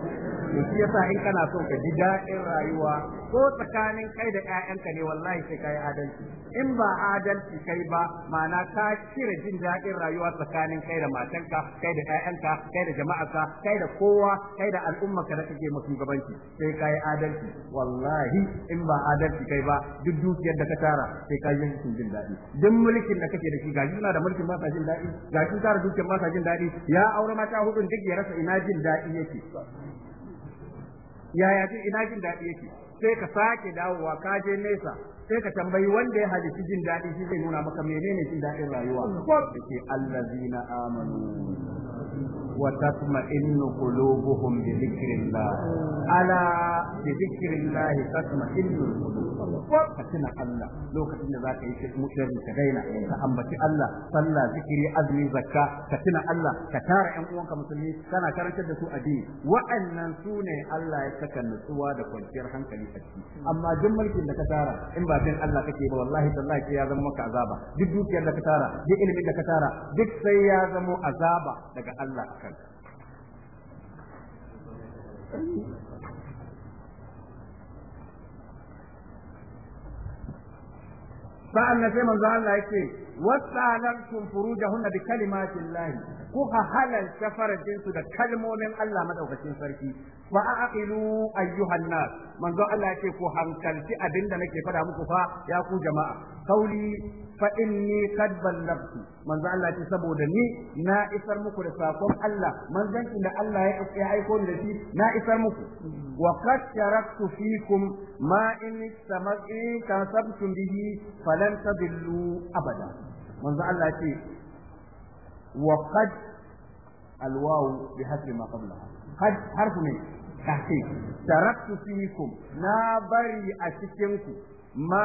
A: to shi yasa in kana son ka ji daɗin rayuwa ko tsakanin kai da ƴaƴanka ne wallahi sai kai adalci in ba adalci kai ba ma'ana ka cire jin daɗin rayuwa tsakanin kai da matanka kai da ƴaƴanka kai da jama'arka kai da kowa kai da al'ummarka da kake masu gabanci sai kai adalci wallahi in ba adalci kai ba duk dukiyar da ka tara sai ka yi cikin jin daɗi duk mulkin da kake da shi ga suna da mulkin ba sa jin daɗi shi tara dukiyar ba sa jin daɗi ya aure mata hudun duk ya rasa ina jin daɗi yake yaya jin ina jin daɗi yake sai ka sake dawowa ka je nesa sai ka tambayi wanda ya hadisi jin daɗi shi zai nuna maka menene jin daɗin rayuwa yake allazina amanu wa tatma'innu qulubuhum bi dhikrillah ala bi dhikrillah tatma'innu qulub ka tuna Allah lokacin da za ka yi mushari ka daina ka ambaci Allah sallah zikiri azumi zakka ka tuna Allah ka tara ƴan uwanka musulmi kana karantar da su addini wa'annan su ne Allah ya saka nutsuwa da kwanciyar hankali a ciki amma duk mulkin da ka tara in ba bin Allah kake ba wallahi tallahi sai ya zama maka azaba duk dukiyar da ka tara duk ilimin da ka tara duk sai ya zama azaba daga Allah akan. sa'an na sai manzo Allah furu wasalantum furujahunna bi kalimatin lahi ku halalta farajin su da kalmomin Allah madaukakin sarki wa aqilu ayyuhan nas manzo Allah ce ku hankalci abinda nake faɗa muku fa ya ku jama'a kauli fa inni kadban ballagtu manzo Allah ce saboda ni na isar muku da sakon Allah manzancin da Allah ya aiko da shi na isar muku wa qad taraktu fikum ma in samaki kasabtum bihi falan tadillu abada manzo Allah ce wa kad alwawu bi hasbi ma qablaha qad harfu ne tahqiq taraktu fikum na bari a cikin ku ma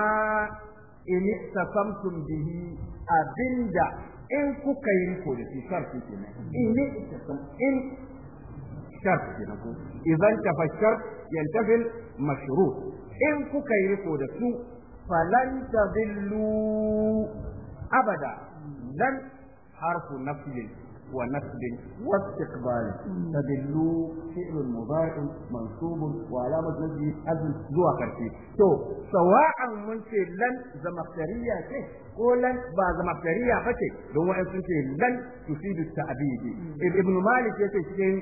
A: in istasamtum bihi abinda in kuka yi ko da shi sharfi kenan in istasam in sharfi kenan ko idan tafa sharf yantafil mashru in kuka yi ko da su falan tabillu abada lan harfu nafyin ونسب واستقبال تدل فعل مضارع منصوب وعلامة نسبه أزل زوا كرتي تو سواء من لن زمخشرية شيء ko lan ba zamakariya ba ce don wa'in sun ce lan tufidu ta'bidi ibn malik yace cikin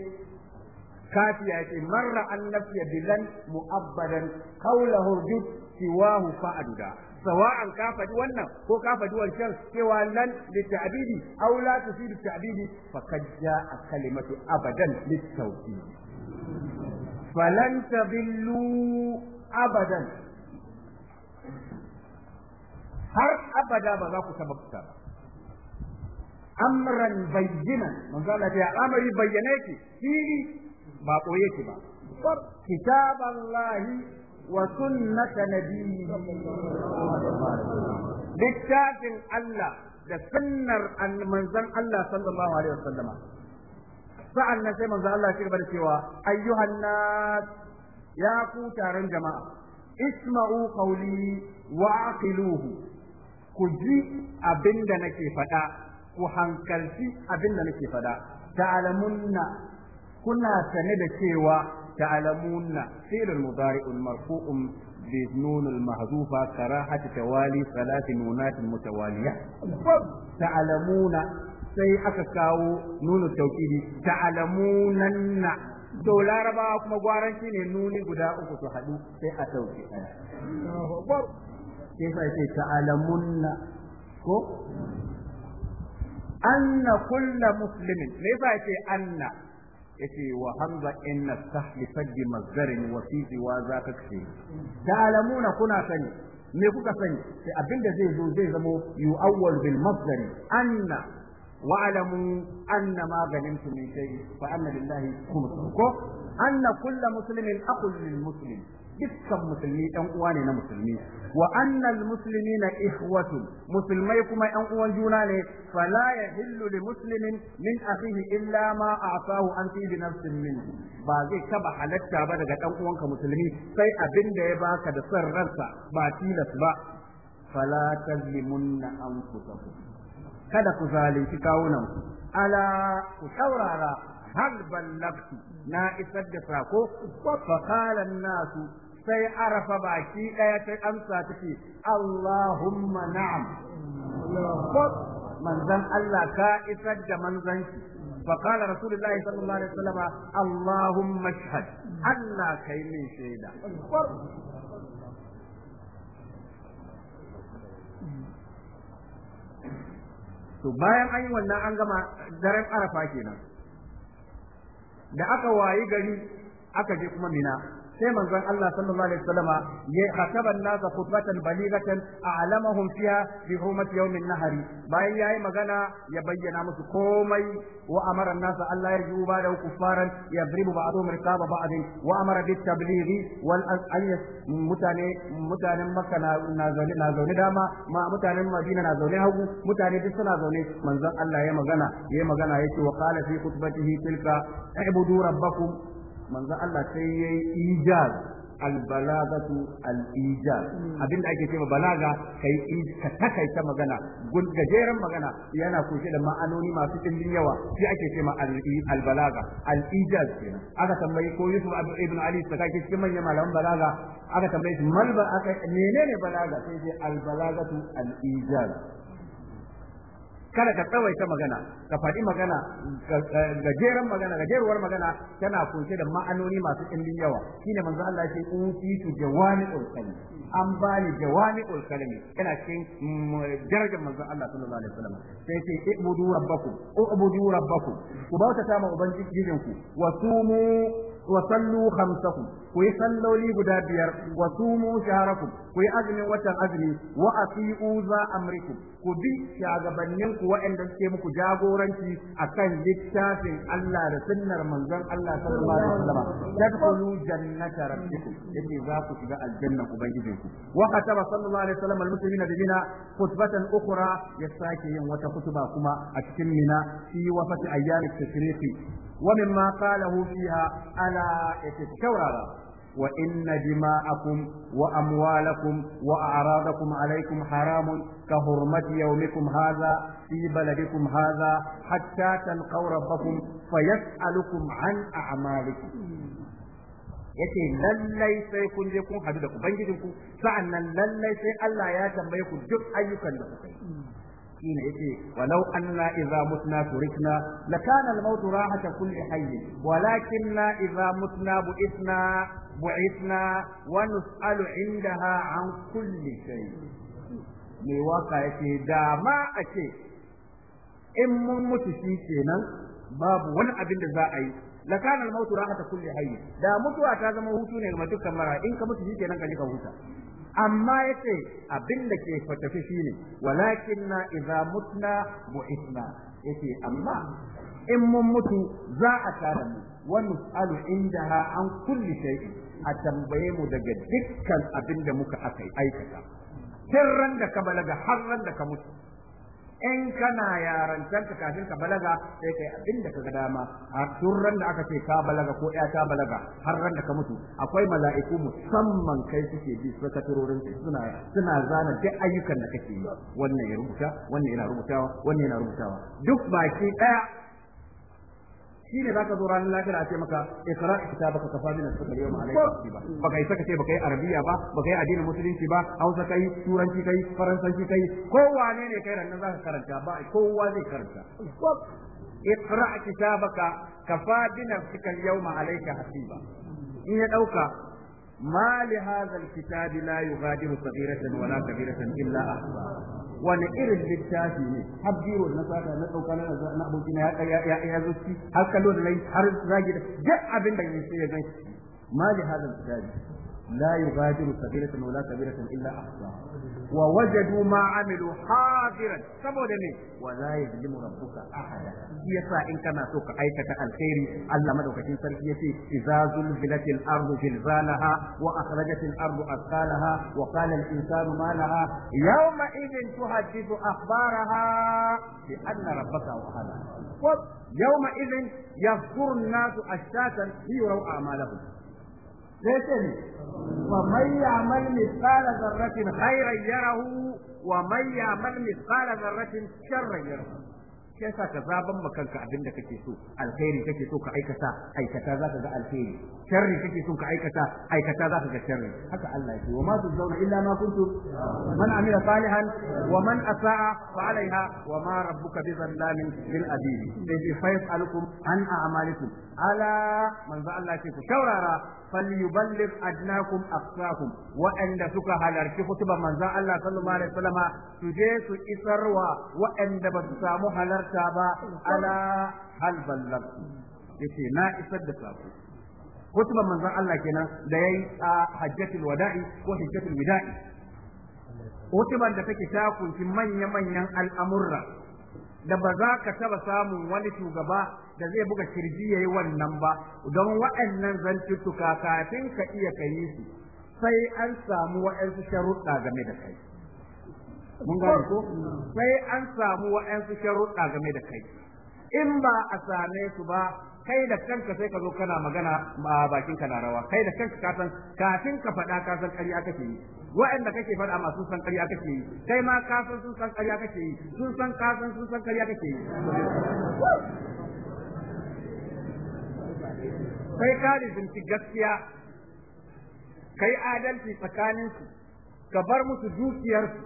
A: kafiya yace marra an nafiya bilan mu'abbadan qawluhu jud siwahu fa'aduda sawa'an ka faɗi wannan ko ka fadi wancan cewa lan litta'bidi aw la tufidu ta'bidi fa kad ja'a kalimatu abadan littawhid falan tabillu abadan har abada ba za ku taba fita ba amran bayyana manzo ya amari bayyana ki fili ba koye ki ba lahi. وسنة نبيه littafin Allah da sunnar manzon Allah sallallahu alaihi wasallama sa'an nan sai manzon Allah ya da cewa ayyuhan nas ya ku taron jama'a isma'u qawli wa ku ji abinda nake faɗa ku hankalci abinda nake faɗa alamunna kuna sane da cewa تعلمون فعل المضارع المرفوع بالنون المحذوفة كراهة توالي ثلاث نونات متوالية تعلمون sai aka kawo nuna taukidi ta'alamunan na to larabawa kuma gwaranci ne nuni guda uku su haɗu sai a tauki ɗaya sai sai ta'alamunna ko anna kulla muslimin me yasa anna yace wa hamza inna sahli faddi mazdarin wa fi ziwa za ka kace ta'lamuna kuna sani me kuka sani sai abinda zai zo zai zamo yu'awwal bil masdari anna wa'lamu anna ma ghanimtum min shay'in fa anna lillahi khumsuhu anna kullu muslimin aqul lil muslim dukkan musulmi ɗan uwa ne na musulmi wa annal muslimina ikhwatu musulmai kuma ɗan uwan juna ne fala hillu li muslimin min akhihi illa ma a'tahu an fi bi nafsin min ba zai taba halatta ba daga ɗan uwanka musulmi sai abin da ya baka da son ransa ba tilas ba fala tazlimunna anfusakum kada ku zalunci kawunan ku ala ku saurara hal ballagtu na isar da sako fa qala an-nasu sai arafa baki ɗaya ta amsa take Allahumma na'am manzan Allah ka isar da manzanci فقال رسول الله صلى الله عليه Allahumma اللهم اشهد الله كيمي شهيدا to bayan an yi wannan an gama daren arafa kenan da aka wayi gari aka je kuma mina sai manzon Allah sallallahu alaihi wasallam ya khataba an-nasa khutbatan balighatan a'lamahum fiha bi yawm an nahari bayan yayi magana ya bayyana musu komai wa amara an-nasa Allah ya ju ba da ya yadribu ba'dhum riqaba ba'd wa amara bit tablighi wal ayyas mutane mutanen Makka na zaune na zaune dama ma mutanen Madina na zaune hagu mutane duk suna zaune manzon Allah ya magana ya magana yake wa qala fi khutbatihi tilka a'budu rabbakum manzon Allah sai yayi ijaz albalagatu al-ijaz abinda ake cewa balaga kai ka takaita magana gajeren magana yana kunshe da ma'anoni masu dimbin yawa sai ake cewa albalaga al-ijaz kenan aka tambayi ko Yusuf ibn Ali saka ke cikin manyan malaman balaga aka tambayi shi mal ba aka menene balaga sai dai albalagatu al-ijaz kada ka tsawaita magana ka faɗi magana gajeren magana gajeruwar magana tana kunshe da ma'anoni masu ɗimbin yawa shine manzo Allah yake utitu jawami'ul kalim an bani jawami'ul kalim yana cikin mm, darajar manzo Allah sallallahu alaihi wasallam sai ce ibudu rabbakum ubudu rabbakum ku bauta ta ma ubangijinku wa sumu wa sallu khamsakum ku salloli guda biyar wa sumu shaharakum ku azumin watan azumi wa uza za ku bi shagabannin ku waɗanda suke muku jagoranci a kan littafin Allah da sunnar manzon Allah sallallahu alaihi wasallam tadkhulu jannata rabbikum yake za ku shiga aljanna ubangijinku wa kataba sallallahu alaihi wasallam almuslimina bi mina khutbatan ukhra ya sake yin wata kutuba kuma a cikin mina fi wafati ayyamit tashriqi ومما قاله فيها ألا يتشورا وإن دماءكم وأموالكم وأعراضكم عليكم حرام كهرمة يومكم هذا في بلدكم هذا حتى تلقوا ربكم فيسألكم عن أعمالكم yace lallai sai kun je kun hadu da ubangijinku sa'annan lallai sai Allah ya tambaye ku duk ayyukan da kuka yi shine yake walau anna idza mutna turikna kana al-maut rahata kulli hayy walakinna idza mutna bu'ithna bu'ithna wa nus'alu 'indaha an kulli shay mai waka yake da ma a ce in mun mutu shi kenan babu wani abin da za a yi lakana al-maut rahata kulli hayy da mutuwa ta zama hutu ne ga dukkan mara in ka mutu shi kenan ka ji ka huta amma yace abin da ke fatafi shine na idza mutna ya yace amma in mun mutu za a tara mu wa nus'alu indaha an kulli sai a tambaye mu daga dukkan abin da muka aka aikata sirran da ka balaga har ran da ka mutu in kana yarantar ka kafin ka balaga sai kai abin da kaga dama a turran da aka ce ka balaga ko ya ta balaga har ran da ka mutu akwai mala'iku musamman kai suke bi su katurorin suna suna zana duk ayyukan da kake yi wannan ya rubuta wannan yana rubutawa wannan yana rubutawa duk baki daya shine zaka zo ranar lafiya a ce maka ikra kitabaka kafa min as-sukar yawma alayka hasiba baka yi saka ce baka yi arabiya ba baka yi addinin musulunci ba hausa kai turanci kai faransanci kai ko ne ne kai ranar zaka karanta ba kowa zai karanta ikra kitabaka kafa min nafsika al-yawma alayka hasiba in ya dauka ما لهذا الكتاب la yughadiru saghiratan wala kabiratan illa أحصاها wani irin littafi ne har biro na saka na dauka na na abokina ya ya ya zuci har kallo da har zagi da duk abin da yake ya gani ma ji hadal kitabi لا يغادر كبيرة ولا كبيرة إلا أحصاها ووجدوا ما عملوا حاضرا saboda me wala yadlimu rabbuka ahada yasa in kana so ka aikata alheri Allah madaukakin sarki yace idza zulzilatil ardu zilzalaha wa akhrajatil ardu athqalaha wa qala al insanu ma laha yawma idhin tuhaddithu akhbaraha bi anna nasu ashtatan liyuraw a'malahum sai ce ne wa man ya'mal mithqala dharratin khairan yarahu wa man ya'mal mithqala dharratin sharran yarahu sai sa ka zaban ma kanka abinda da kake so alkhairi kake so ka aikata aikata za ka ga alkhairi sharri kake so ka aikata aikata za ka ga sharri haka Allah yake wa ma tuzawna illa ma kuntum man amila salihan wa man asaa fa alaiha wa ma rabbuka bi zallamin lil abid sai bi faysalukum an a'malikum ala za Allah ce ku shaurara falyuballigh adnakum aqsakum wa'anda suka halarci khutban manzon Allah sallallahu alaihi wasallama su je su isarwa wa'anda ba su samu halarta ba ala hal ballagtu yace na isar da sako khutban manzon Allah kenan da yayi a hajjatul wada'i ko hajjatul wada'i khutban da take ta kunshi manya al'amurra da ba za ka taɓa samun wani shugaba da zai buga kirji yayi wannan ba don waɗannan zantuttuka kafin ka iya kai su sai an samu wa'ansu sharuɗa game da kai mun gane ko sai an samu wa'ansu sharuɗa game da kai in ba a same su ba kai da kanka sai ka zo kana magana a bakin ka na rawa kai da kanka ka san kafin ka faɗa ka san ƙarya kake yi waɗanda kake faɗa ma sun san ƙarya kake yi kai ma ka san sun san ƙarya kake yi sun san ka san sun san ƙarya kake yi sai ka rizumci gaskiya kai adalci tsakaninsu ka bar musu dukiyarsu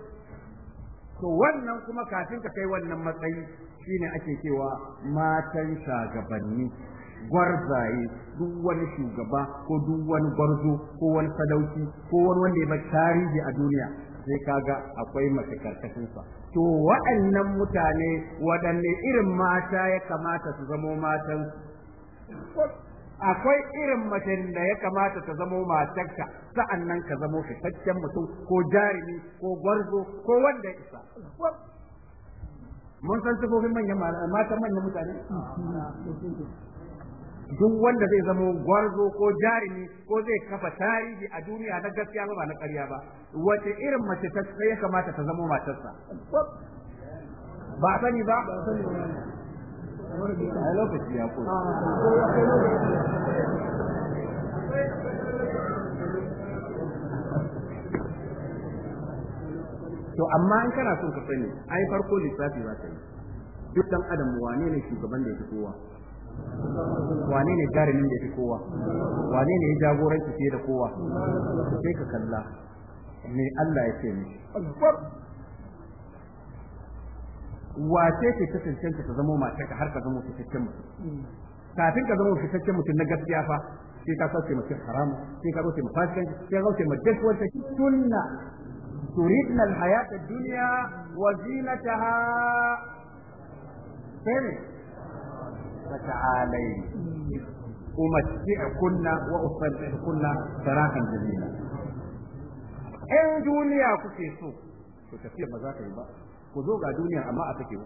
A: to wannan kuma kafin ka kai wannan matsayi shine ake cewa matan shagabanni gwarzaye duk wani shugaba ko duk wani gwarzo ko wani sadauki ko wani wanda ya tarihi a duniya sai kaga akwai mace karkashinsa to waɗannan mutane waɗanne irin mata ya kamata su zamo matan akwai irin mace da ya kamata ta zamo matarka sa'annan ka zamo fitaccen mutum ko jarumi ko gwarzo ko wanda isa mun san sifofin manyan matan manyan mutane duk wanda zai zamo gwarzo ko jarumi ko zai kafa tarihi a duniya na gaskiya ba na ƙarya ba wace irin mace ta ya kamata ta zamo matarsa ba sani ba a lokaci ya to amma in kana son ka sani ai farko lissafi za ta yi duk dan adam wane ne shugaban da ya fi kowa wane ne jarumin da ya fi kowa wane ne ya jagoranci fiye da kowa sai ka kalla me Allah ya ce mishi wace ce ta cancanta ta zama matarka har ka zama fitaccen mutum kafin ka zama fitaccen mutum na gaskiya fa sai ka kauce ma cin haramu sai ka kauce ma fasikanci sai ka kauce ma duk wata sunna turidna alhayata ad-dunya wa zinataha sai ne fata'alai umatti'kunna wa usarrihkunna sarahan jamila in duniya kuke so to tafiya ba za ka yi ba ku zo ga duniya amma a take ku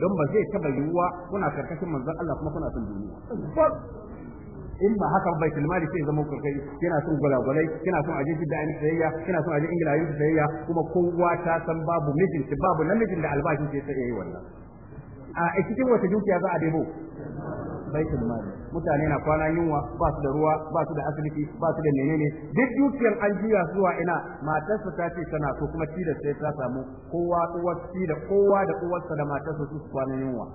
A: don ba zai taba yiwuwa kuna karkashin manzon Allah kuma kuna son duniya in ba haka ba bai tilmari sai zama kurkai kina son gwalagwalai kina son aje da ayin tsayayya kina son aje ingila ayin tsayayya kuma kowa ta san babu mijin babu namijin da albashin sai sai yayi wannan a cikin wata dukiya za a debo baitul mal mutane na kwana yunwa ba su da ruwa ba su da asibiti ba su da menene duk dukiyar an juya zuwa ina matarsa ta ce tana so kuma ci da sai ta samu kowa da kowa da uwarsa da matarsa su kwana yunwa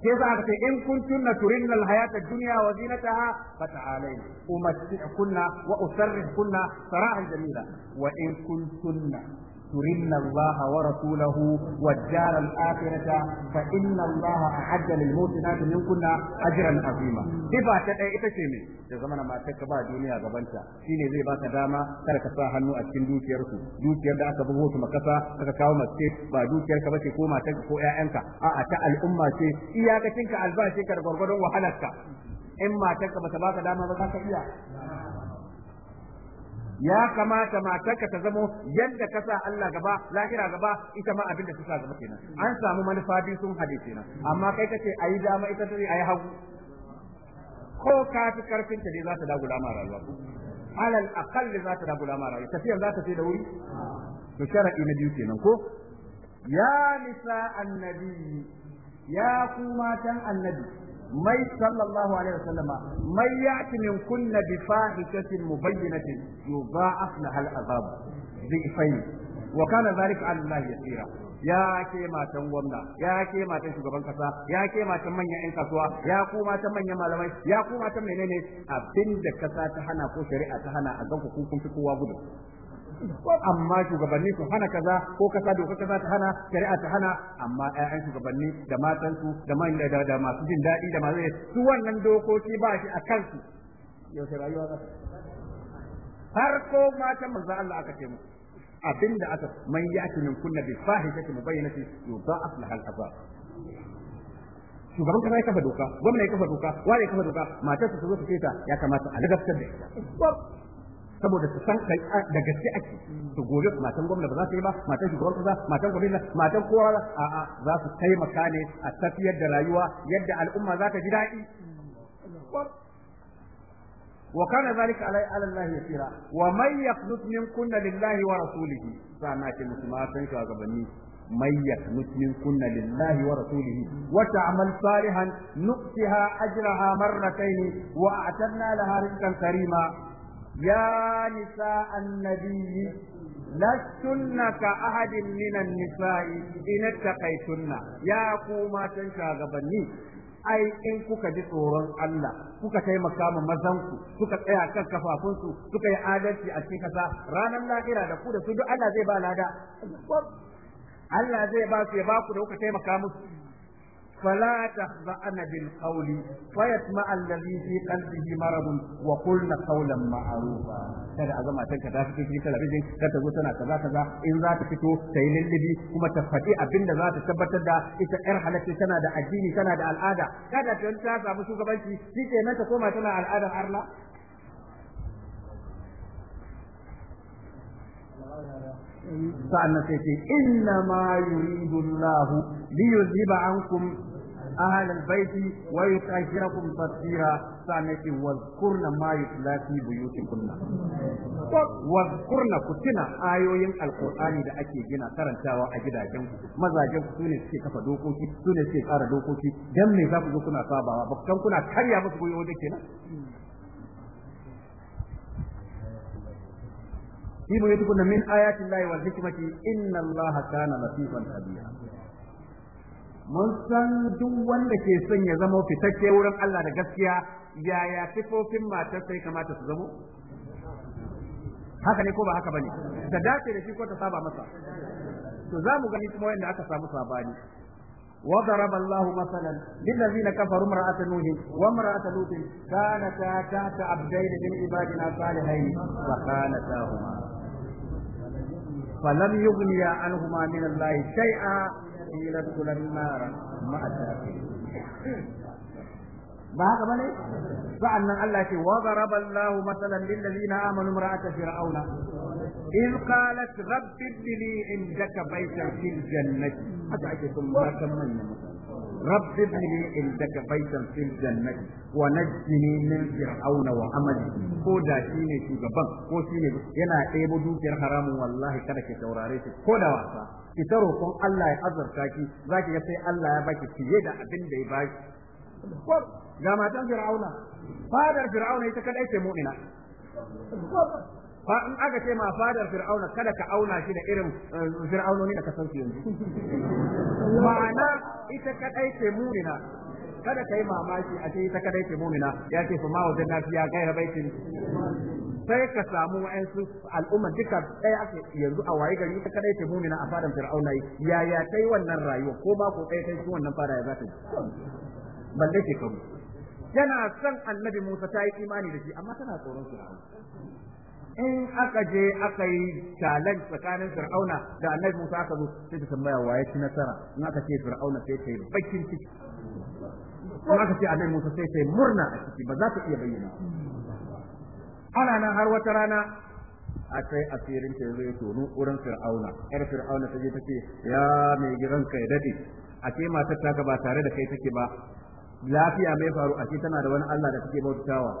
A: Ke za ka ce in kuntunna turinna alhayata dunya wa zinataha fata'alayn kunna wa kunna sara'an jamila wa in kuntunna ترن الله ورسوله والدار الآخرة فإن الله أعد للموتنات منكن أجرا عظيما صفة تدعي إتشمي da zamana matar ka ba duniya gabanta shine zai baka dama kada ka sa hannu a cikin dukiyarsu dukiyar da aka bugo su makasa aka kawo mace ba dukiyar ka bace ko matar ko ƴaƴanka a'a ta al'umma ce iyakacin ka albashin ka da gwargwadon wahalar in matar bata baka dama ba za ka iya ya kamata matarka ta zamo yadda ka sa Allah gaba lahira gaba ita ma abin da ta sa gaba kenan an samu manufa biyu sun hade kenan amma kai kace ayi dama ita ta ayi hagu ko ka fi karfin ta ne za ta dagula ma rayuwa alal aqall za ta dagula ma rayuwa tafiya za ta je da wuri to sharadi na biyu kenan ko ya nisa annabi ya ku matan annabi mai sallallahu alaihi wa sallama mai ya'ti min kunna bi fahishatin mubayyinatin yudha'af lahal azab dhifain wa kana dhalika 'ala Allah yasira ya ke matan gwamna ya ke matan shugaban kasa ya ke matan manyan 'yan kasuwa ya ku matan manyan malamai ya ku matan menene abinda kasa ta hana ko shari'a ta hana a ganku kun fi kowa gudu amma shugabanni su hana kaza ko kasa doka kaza ta hana shari'a ta hana amma ƴaƴan shugabanni da matan su da man da masu jin daɗi da masu su wannan dokoki ba shi a kansu yaushe rayuwa za har ko matan manzo Allah aka ce mu abinda aka man ya'ti min kunna bi fahishati mubayyinati yudha'af laha al-azab shugaban kasa ya kafa doka gwamnati ya kafa doka wani ya kafa doka matarsa su zo su ce ta ya kamata a ladabtar da ita saboda su san da gaske ake su gobe matan gwamna ba za su yi ba matan shugaban kusa, matan gwamna matan kowa a a za su taimaka ne a tafiyar da rayuwa yadda al'umma za ta ji daɗi وكان ذلك على على الله يسيرا ومن يقنط منكن لله ورسوله فانا كمسلمات شاغبني من يقنط منكن لله ورسوله وتعمل صالحا نؤتها اجرها مرتين واعتدنا لها رزقا كريما يا نساء النبي لستن كأحد من النساء إن اتقيتن يا كوما تنشا غبني ai in kuka ji tsoron Allah kuka taimaka ma mazanku kuka tsaya kan kafafunsu kuka yi adalci a cikin kasa ranar lahira da ku da su duk Allah zai ba lada Allah zai ba su ya ba ku da kuka taimaka musu فلا تخضعن بالقول فيطمع الذي في قلبه مرض وقلن قولا معروفا kada a zama tanka ta fito cikin talabijin kar ta zo tana kaza kaza in za ta fito ta yi lullubi kuma ta faɗi abin da za ta tabbatar da ita yar halatta tana da addini tana da al'ada kada ta ta samu shugabanci shi ke nan ta koma tana al'adar allah sa'an nan sai ce inna ma yuridu Allah li yuzhiba ankum أهل البيت ويطهركم تطهيرا سنك واذكرن ما يتلى في بيوتكن واذكرن كتنا آيوين القرآن da ake gina karantawa a gidajen mazajen su ne suke kafa dokoki su ne suke tsara dokoki dan me za ku zo kuna sabawa ba kan kuna karya musu goyo wajen kenan shi mu yi tukuna min ayatin lahi wal hikmati inna allaha kana latifan khabira mun san duk wanda ke son ya zama fitacce wurin Allah da gaskiya yaya sifofin matar sai kamata su zamo haka ne ko ba haka bane da dace da shi ko ta saba masa to za mu gani kuma wanda aka samu sabani وضرب الله مثلا للذين كفروا امرأة نوح وامرأة لوط كانتا تحت عبدين من عبادنا صالحين فخانتاهما فلم يغنيا عنهما من الله شيئا قيل tulan النار مع ba haka bane sa'annan Allah ce wa daraba Allah masalan lil ladina amanu imra'ata fir'auna in qalat rabbi ibni li indaka baytan fil jannati haka ake kun kan manyan mutane رب ابن لي عندك بيتا في الجنة ونجني من فرعون وعمله كودا شيني شوغبان كو شيني ينا ايبو دوكير حرام والله كذا كي كودا واسا ki ta roƙon Allah ya azurta ki zaki ga sai Allah ya baki fiye da abin da ya baki ga matan fir'auna fadar fir'auna ita kadai sai mu'mina fa in aka ce ma fadar fir'auna kada ka auna shi da irin eh, fir'aunoni da ka yanzu ma'ana ita kadai ce mumina kada yi mamaki a ce ita kadai ce mumina ya ce fa ma wajen lafiya gaira baitin sai ka samu wa'ansu al'umma duka ɗaya ake yanzu a waye gari ita kadai ce mumina a fadar fir'auna yaya kai wannan rayuwa ko ba ko ɗaya tai wannan fada ya za ta balle ke kamu Yana son annabi Musa ta yi imani da shi amma tana tsoron fir'auna in aka je aka yi challenge tsakanin fir'auna da annabi Musa aka zo sai ta tambaya waye ci nasara in aka ce fir'auna sai ta yi bakin ciki in aka ce annabi Musa sai ta yi murna a ciki ba za ta iya bayyana ana nan har wata rana a kai asirin ta zai tono wurin fir'auna yar fir'auna ta je ta ce ya mai gidan kai dade a ce matar ta ba tare da kai take ba lafiya mai faru a ce tana da wani Allah da take bautawa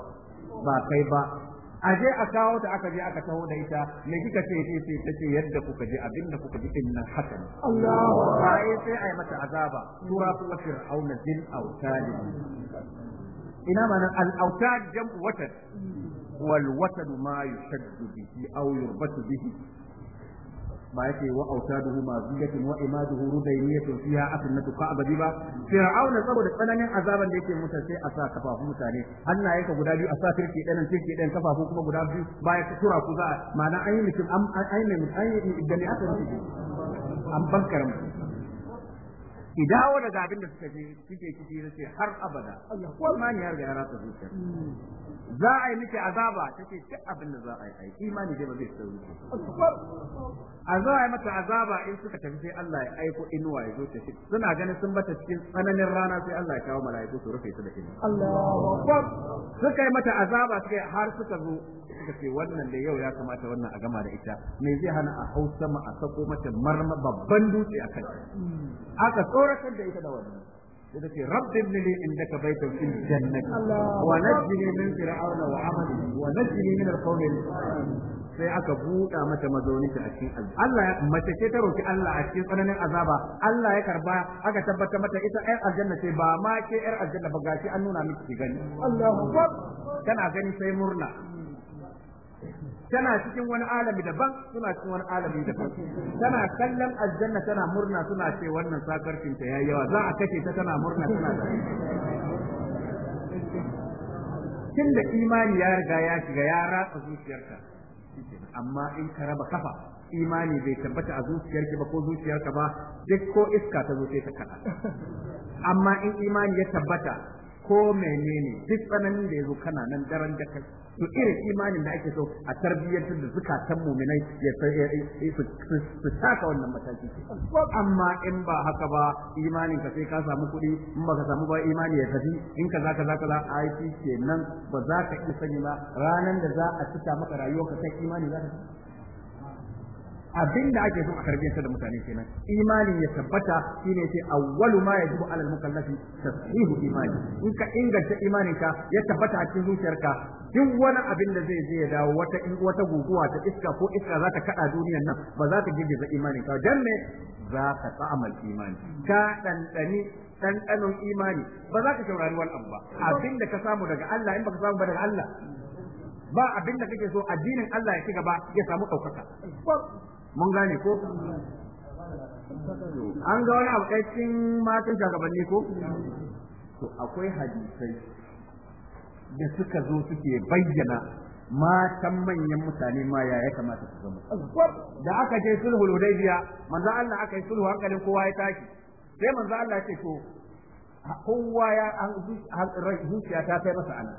A: ba kai ba a je a kawo ta aka je aka taho da ita me kika ce ce ce yadda kuka ji abinda kuka ji din nan haka ne Allahu sai sai ai mata azaba sura kuma fir'auna zil autadi ina ma nan al autad jam'u watad wal watad ma yushaddu bihi aw yurbatu bihi ba yake wa autaduhu maziyatin wa imaduhu rubainiyatun fiha asnatu ka'baji ba fir'aun saboda tsananin azaban da yake mutan sai a sa kafafu mutane hannaye ka guda biyu a sa kirki ɗanan kirki kafafu kuma guda biyu baya ka tura ku za ma'ana an yi mutum an yi da ne aka rubuta an bankaran ki dawo daga abin da suka je suke ciki da ce har abada ko imani ya riga ya rasa zuciya hmm. za a yi miki azaba ta ce duk abin da za a yi a yi imani dai ba zai sauri a za a yi mata azaba in suka tafi sai Allah ya aiko inuwa ya zo ta shi suna ganin sun bata cikin tsananin rana sai Allah ya kawo mala'iku su rufe su da inuwa Allahu akbar suka yi mata azaba suka har suka zo suka ce wannan da yau ya kamata wannan a gama da ita me zai hana a hau sama a sako mata marma babban dutse a kai aka tsoratar da ita da wannan sai ta ce rabbi ibn li indaka baytan jannati wa najini min fir'auna wa amali wa najini min al-qawmi sai aka buɗa mata mazauni ta a cikin azaba Allah mace ce ta roki Allah a cikin tsananin azaba Allah ya karba aka tabbata mata ita ƴar aljanna ce ba ma ke ƴar aljanna ba gashi an nuna miki gani Allahu akbar tana gani sai murna tana cikin wani alami daban suna cikin wani alami daban tana kallon aljanna tana murna suna ce wannan sakarcin ta yayi yawa za a kace ta tana murna tana da kin da imani ya riga ya shiga ya ratsa zuciyarka amma in ka raba kafa imani bai tabbata a zuciyarki ba ko zuciyarka ba duk ko iska ta zo sai ta kada amma in imani ya tabbata ko menene duk tsananin da yazo kana nan daren da kai to irin imanin da ake so a tarbiyyantar da zukatan muminai ya su taka wannan mataki amma in ba haka ba imanin ka sai ka samu kuɗi in ba ka samu ba imani ya tafi in ka za ka za ka za a yi kenan ba za ka iya sani ba ranar da za a cika maka rayuwa ka sai imani za ka abin da ake so a karbe da mutane kenan imani ya tabbata shine ce awwalu ma yajibu alal mukallafi tasdihu imani in ka inganta imanin ka ya tabbata a cikin zuciyarka duk wani abin da zai je ya dawo wata wata guguwa ta iska ko iska za ta kada duniyar nan ba za ta girgiza imanin ka dan me za ka ta'amal imani ka dandani ɗanɗanon imani ba za ka saurari wani abu ba abin da ka samu daga Allah in baka samu ba daga Allah ba abin da kake so addinin Allah ya ci gaba ya samu ɗaukaka mun gane ko an ga wani abokacin matan shagabanni ko to akwai hadisai da suka zo suke bayyana matan manyan mutane ma ya ya kamata su zama da aka je sulhul hudaybiya manzo Allah aka yi sulhu hankalin kowa ya tashi sai manzo Allah ya ce to kowa ya an zuciya ta kai masa ana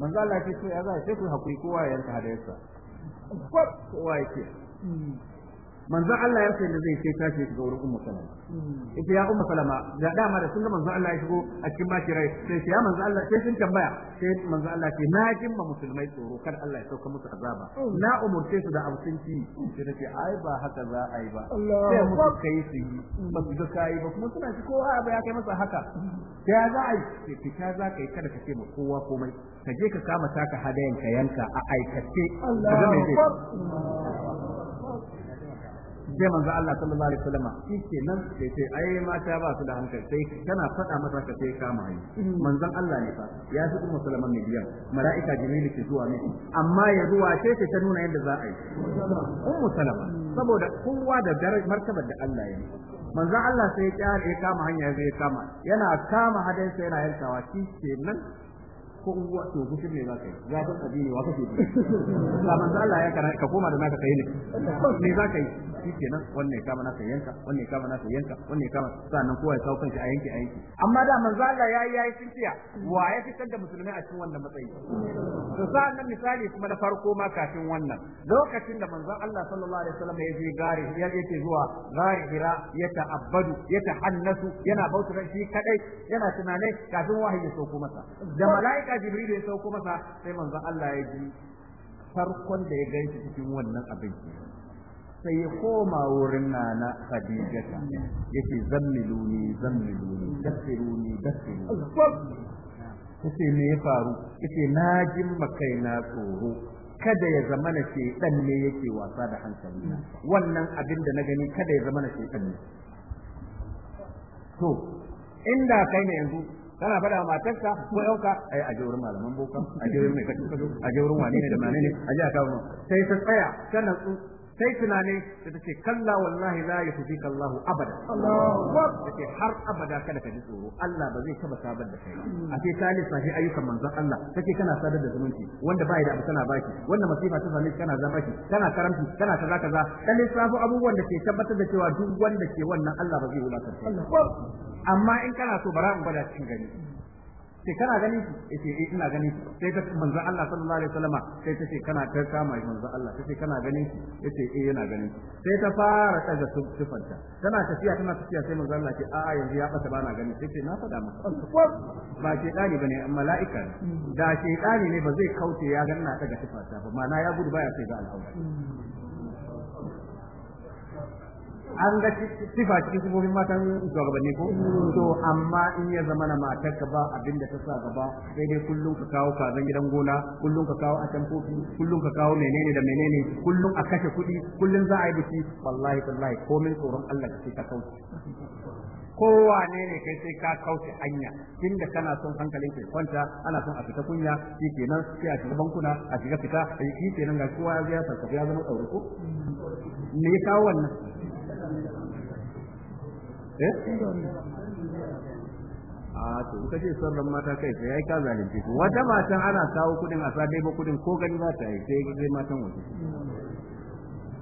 A: manzo Allah ya ce to ya za sai ku hakuri kowa ya yanka hadayarsa kowa ya ce manzo Allah ya ce da zai sai tashi ga wurin ummu salama ita hmm. ya ummu salama da dama da sun ga manzon Allah ya shigo a cikin baki rai sai ya manzo Allah sai sun tambaya sai manzo Allah ce na jimma musulmai tsoro kar Allah ya sauka musu azaba hmm. na umurce su da abincin abinci sai ce ai ba haka za a yi ba sai mu kai su yi hmm. ba su ga kai ba kuma suna ci kowa ba ya kai masa haka sai ya za a yi fita za ka yi kada ka ce ma kowa komai ka je ka kama taka hadayan ka yanka a aikace Allah sai manzo Allah sallallahu alaihi wasallam yake nan sai sai ai mata ba su da hankali sai kana faɗa masa ka sai kama yi manzon Allah ne fa ya fi ummu salama ne biyan mala'ika jibril ke zuwa ne amma ya zuwa ce ce ta nuna yadda za a yi ummu salama saboda kowa da darajar martabar da Allah ya yi manzon Allah sai ya da ya kama hanya ya kama yana kama hadin sai yana yankawa shi kenan ko unguwa to gushir ne za ka yi ya san addini wa kake bi ba manzo Allah ya kana ka koma da naka kai ne ne za ka yi shikenan wannan ya mana ka yanka wannan ya mana ka yanka wannan ya mana. sannan kowa ya kawo kanshi a yanki a yanki amma da manzo Allah ya yi yayi tsintiya wa ya fitar da musulmai a cikin wannan matsayi to sa'annan misali kuma da farko ma kafin wannan lokacin da manzo Allah sallallahu alaihi wasallam ya je gari ya je zuwa gari hira ya ta'abbadu ya tahannasu yana bautar shi kadai yana tunanai kafin wahayi ya sauko masa da mala'ika mala'ika jibril ya sauko masa sai manzon Allah ya ji farkon da ya gaishe cikin wannan abin sai ya koma wurin nana Khadijata yace zammiluni zammiluni daffiruni daffiruni me ya faru yace na makai kaina tsoro kada ya zama na dan ne yake wasa da hankali wannan abin da na gani kada ya zama na dan ne to inda kai ne yanzu kana faɗa wa matarka ko ɗauka ai a je wurin malaman boka aje wurin mai kashin kaso aje wurin wane ne da wane ne aje je a kawo sai ta tsaya ta natsu sai tunanin da ta ce kalla wallahi la yuhdika Allahu abada take har abada kada ka ji tsoro Allah ba zai taba sabar da kai a ce salis sahi ayyukan manzon Allah take kana sadar da zumunci wanda bai da abu kana baki Wannan masifa ta same kana za baki kana karamci kana kaza kaza dan lissafu abubuwan da ke tabbatar da cewa duk wanda ke wannan Allah ba zai wulakanta amma in kana so bara in gwada cikin gani sai kana gani shi yace eh ina gani shi sai ta manzo Allah sallallahu alaihi wasallama sai ta ce kana ta kama manzo Allah ta ce kana gani shi yace eh yana gani sai ta fara daga sufanta tana tafiya tana tafiya sai manzo Allah ce a'a yanzu ya fata bana gani sai ce na fada maka ba ke dani bane mala'ika da ke dani ne ba zai kauce ya ganna ga sufanta ba ma'ana ya gudu baya sai ga al'aura
B: an ga sifa
A: cikin sifofin matan shugabanni ko to amma in ya zama na matar ka ba abin da ta sa gaba sai dai kullum ka kawo kazan gidan gona kullum ka kawo atan kofi kullum ka kawo menene da menene kullum a kashe kuɗi kullum za a yi biki wallahi wallahi komai tsoron Allah ka sai ka kauce kowa ne ne kai sai ka kauce hanya inda kana son hankalin ke kwanta ana son a fita kunya shi kenan sai a shiga bankuna a shiga fita a yi kenan ga kowa ya zama tsaro ko me ya kawo wannan
B: eh
A: a ah, to kace sarran mata kai sai ai ka zalunce wata matan ana kawo kudin a sa dai ba kudin ko gani za ta yi sai sai matan waje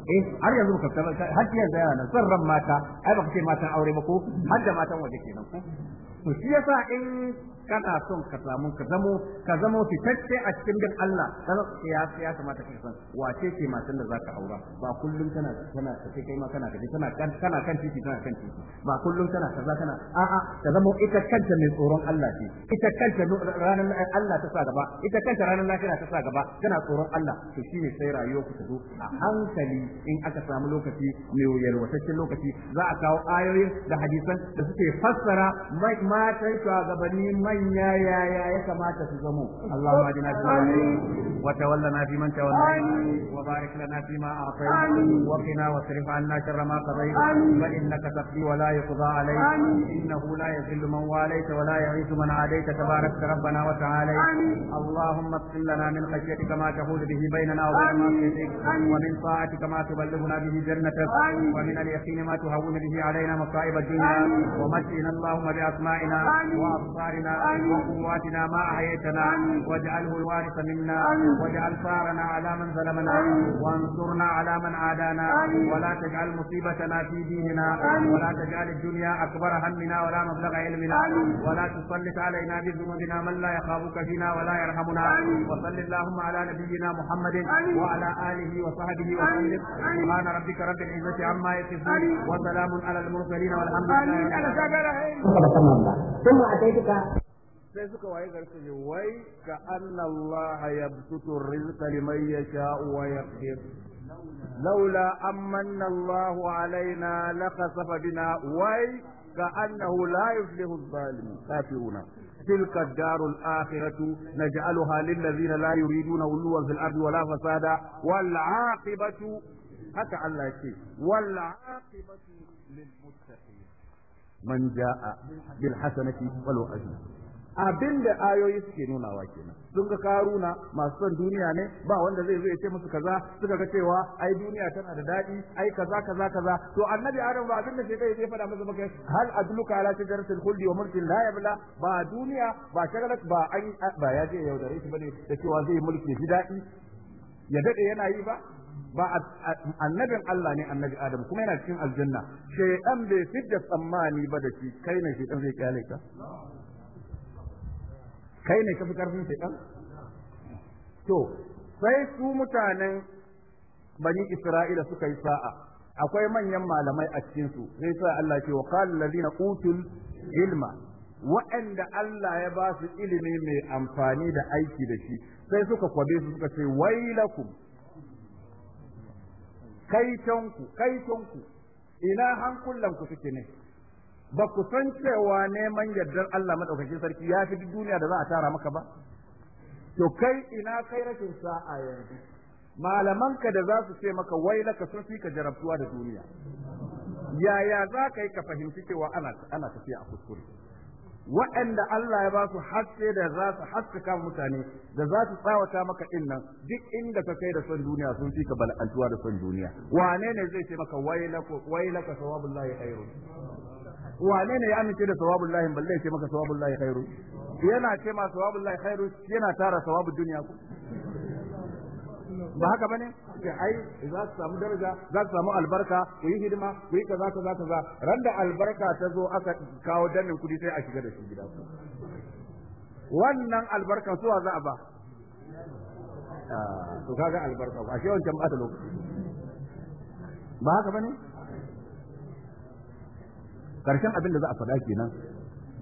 A: eh har yanzu ka kalla har yanzu yana sarran mata ai ba kace matan aure ba ko har da matan waje kenan ko to shi yasa in kana son ka samu ka zamo ka zamo fitacce a cikin bin Allah ya ya kamata ka san wace ce matan da zaka aura ba kullum kana kana ka kai ma kana kace kana kan kana kan titi kana kan titi ba kullum kana kaza kana a a ka zamo ita kanta mai tsoron Allah ce ita kanta ranar Allah ta sa gaba ita kanta ranar lafiya ta sa gaba kana tsoron Allah to shine sai rayuwar ku ta zo a hankali in aka samu lokaci mai yalwataccen lokaci za a kawo ayoyin da hadisan da suke fassara matan shugabanni mai manya yaya ya kamata su zamo Allahumma ajina fi man wa tawallana fi man tawallana wa barik lana fi ma a'tayt wa qina wa sarif 'anna sharra ma qadayt fa innaka taqdi wa la yuqda 'alayk innahu la yadhillu man walayt wa la yu'izzu man 'adayt tabarak rabbana wa ta'ala Allahumma qil lana min khashyatika ma tahulu bihi baynana wa bayna ma'siyatik wa min ta'atika ma tuballighuna bihi jannatak wa min al-yaqin ma tuhawwinu bihi 'alayna مصائب الدنيا ومتعنا اللهم بأسمائنا وأبصارنا وقواتنا ما أحييتنا واجعله الوارث منا واجعل ثارنا على من ظلمنا وانصرنا على من عادانا ولا تجعل مصيبتنا في ديننا ولا تجعل الدنيا أكبر همنا ولا مبلغ علمنا ولا تسلط علينا بذنوبنا من لا يخافك فينا ولا يرحمنا وصل اللهم على نبينا محمد وعلى آله وصحبه وسلم سبحان ربك رب العزة عما يصفون وسلام على المرسلين والحمد لله ثم أتيتك sai suka waye garsu ne wai ka annallaha yabtutu rizqa liman yasha'u wa yaqdir laula amanna Allahu alaina laqasafa bina wai ka annahu la yuflihu adh-dhalimun kafiruna تلك الدار الآخرة نجعلها للذين لا يريدون علوا في الأرض ولا فسادا والعاقبة حتى الله يكفي والعاقبة
B: للمتقين
A: من جاء بالحسنة فله أجر Abin abinda ayoyi suke nunawa kenan sun ga karuna masu son duniya ne ba wanda zai zo ya ce musu kaza suka ga cewa ai duniya tana da daɗi ai kaza kaza kaza to annabi adam ba da sai kai zai faɗa masa ba kai hal adluka ala shajaratil khuldi wa mulkin la yabla ba duniya ba shagalat ba an ba ya je da shi bane da cewa zai mulki ji daɗi ya daɗe yana yi ba ba annabin Allah ne annabi Adam kuma yana cikin aljanna shay'an bai fidda tsammani ba da shi kai ne shi zai kyale ka kai ne kafi karfin shaitan to sai su mutanen bani isra'ila suka yi sa'a akwai manyan malamai a cikin su sai sa Allah ce wa qala allazina utul ilma waɗanda Allah ya ba su ilimi mai amfani da aiki da shi sai suka kwabe su suka ce wailakum kaitonku kaitonku ina hankulanku suke ne ba ku san cewa neman yardar Allah madaukakin sarki ya fi duniya da za a tara maka ba to kai ina kai rashin sa'a yanzu malamanka da za su ce maka wai laka sun fi ka jarabtuwa da duniya yaya za ka yi ka fahimci cewa ana tafiya a kuskure waɗanda Allah ya ba su haske da za su haskaka mutane da za su tsawata maka ɗin nan duk inda ka kai da son duniya sun fi ka bala'antuwa da son duniya wane ne zai ce maka wai wailaka sawabullahi khairun wane ne ya amince da sawabul lahi balle ya ce maka sawabul lahi khairu yana ce ma sawabul lahi khairu yana tara sawabul duniya ku ba haka bane ce ai za su samu daraja za su samu albarka ku yi hidima ku yi kaza kaza kaza ran da albarka ta zo aka kawo dannin kudi sai a shiga da shi gida wannan albarka suwa za a ba ah, to kaga albarka ku ashe wancan ba ta lokaci ba haka bane karshen abin da za a faɗa kenan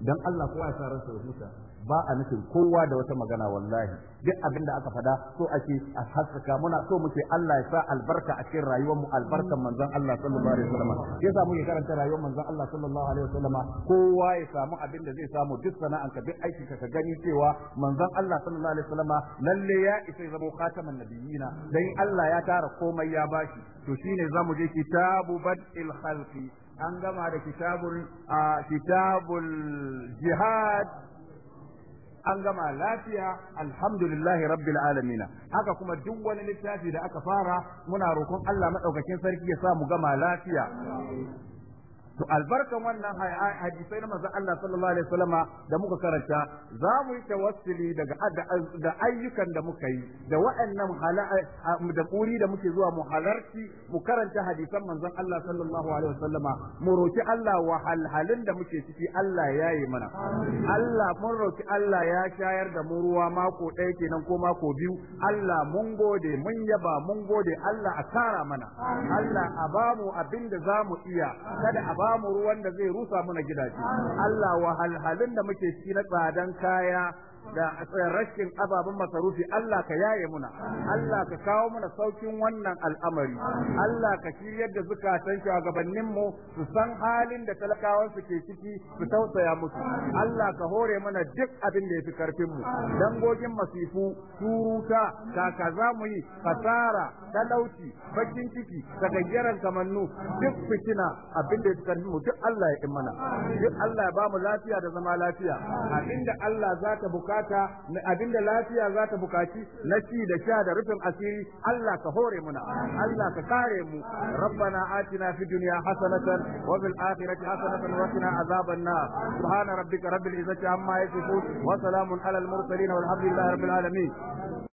A: dan Allah kowa ya sa ransa ya huta ba a nufin kowa da wata magana wallahi duk abin da aka fada so ake a haskaka muna so muke Allah ya sa albarka a cikin rayuwar mu albarkan manzon Allah sallallahu alaihi wasallam yasa muke karanta rayuwar manzon Allah sallallahu alaihi wasallam kowa ya samu abin da zai samu duk sana'an ka duk aikin ka gani cewa manzon Allah sallallahu alaihi wasallam lalle ya isa zama khataman nabiyina dan Allah ya tara komai ya bashi to shine zamu je kitabu badil khalqi an gama da kitabul kitabul jihad an gama lafiya alhamdulillahi rabbil alamin haka kuma duk wani littafi da aka fara muna roƙon Allah madaukakin sarki ya sa mu gama lafiya to albarkan wannan hadisai na manzon Allah sallallahu alaihi wasallama da muka karanta za mu yi tawassuli daga da ayyukan da muka yi da waɗannan da kuri da muke zuwa mu halarci mu karanta hadisan manzon Allah sallallahu alaihi wasallama mu roki Allah wa halhalin da muke ciki Allah ya yi mana Allah mun roki Allah ya shayar da mu ruwa mako ɗaya kenan ko mako biyu Allah mun gode mun yaba mun gode Allah a tara mana Allah a bamu abin da za iya kada a bamu ruwan da zai rusa muna gidaje Allah wahalhalin da muke ciki na tsadan kaya da rashin ababen masarufi Allah ka yaye muna Allah ka kawo muna saukin wannan al'amari Allah ka shiryar yadda zukatan shugabannin mu su san halin da talakawan su ke ciki su tausaya musu Allah ka hore mana duk abin da yafi karfin mu dangogin masifu turuta kaka za mu yi fasara talauci bakin ciki tagayyaran kamannu duk fitina abin da yafi karfin mu duk Allah ya yi mana duk Allah ya ba mu lafiya da zama lafiya abin da Allah za ka bukata na abinda lafiya za ta bukaci na ci da sha da rufin asiri Allah ka hore muna Allah ka kare mu rabbana atina fid dunya hasanatan wa fil akhirati hasanatan wa qina azaban nar subhana rabbika rabbil izzati amma yasifun wa salamun alal mursalin walhamdulillahi rabbil alamin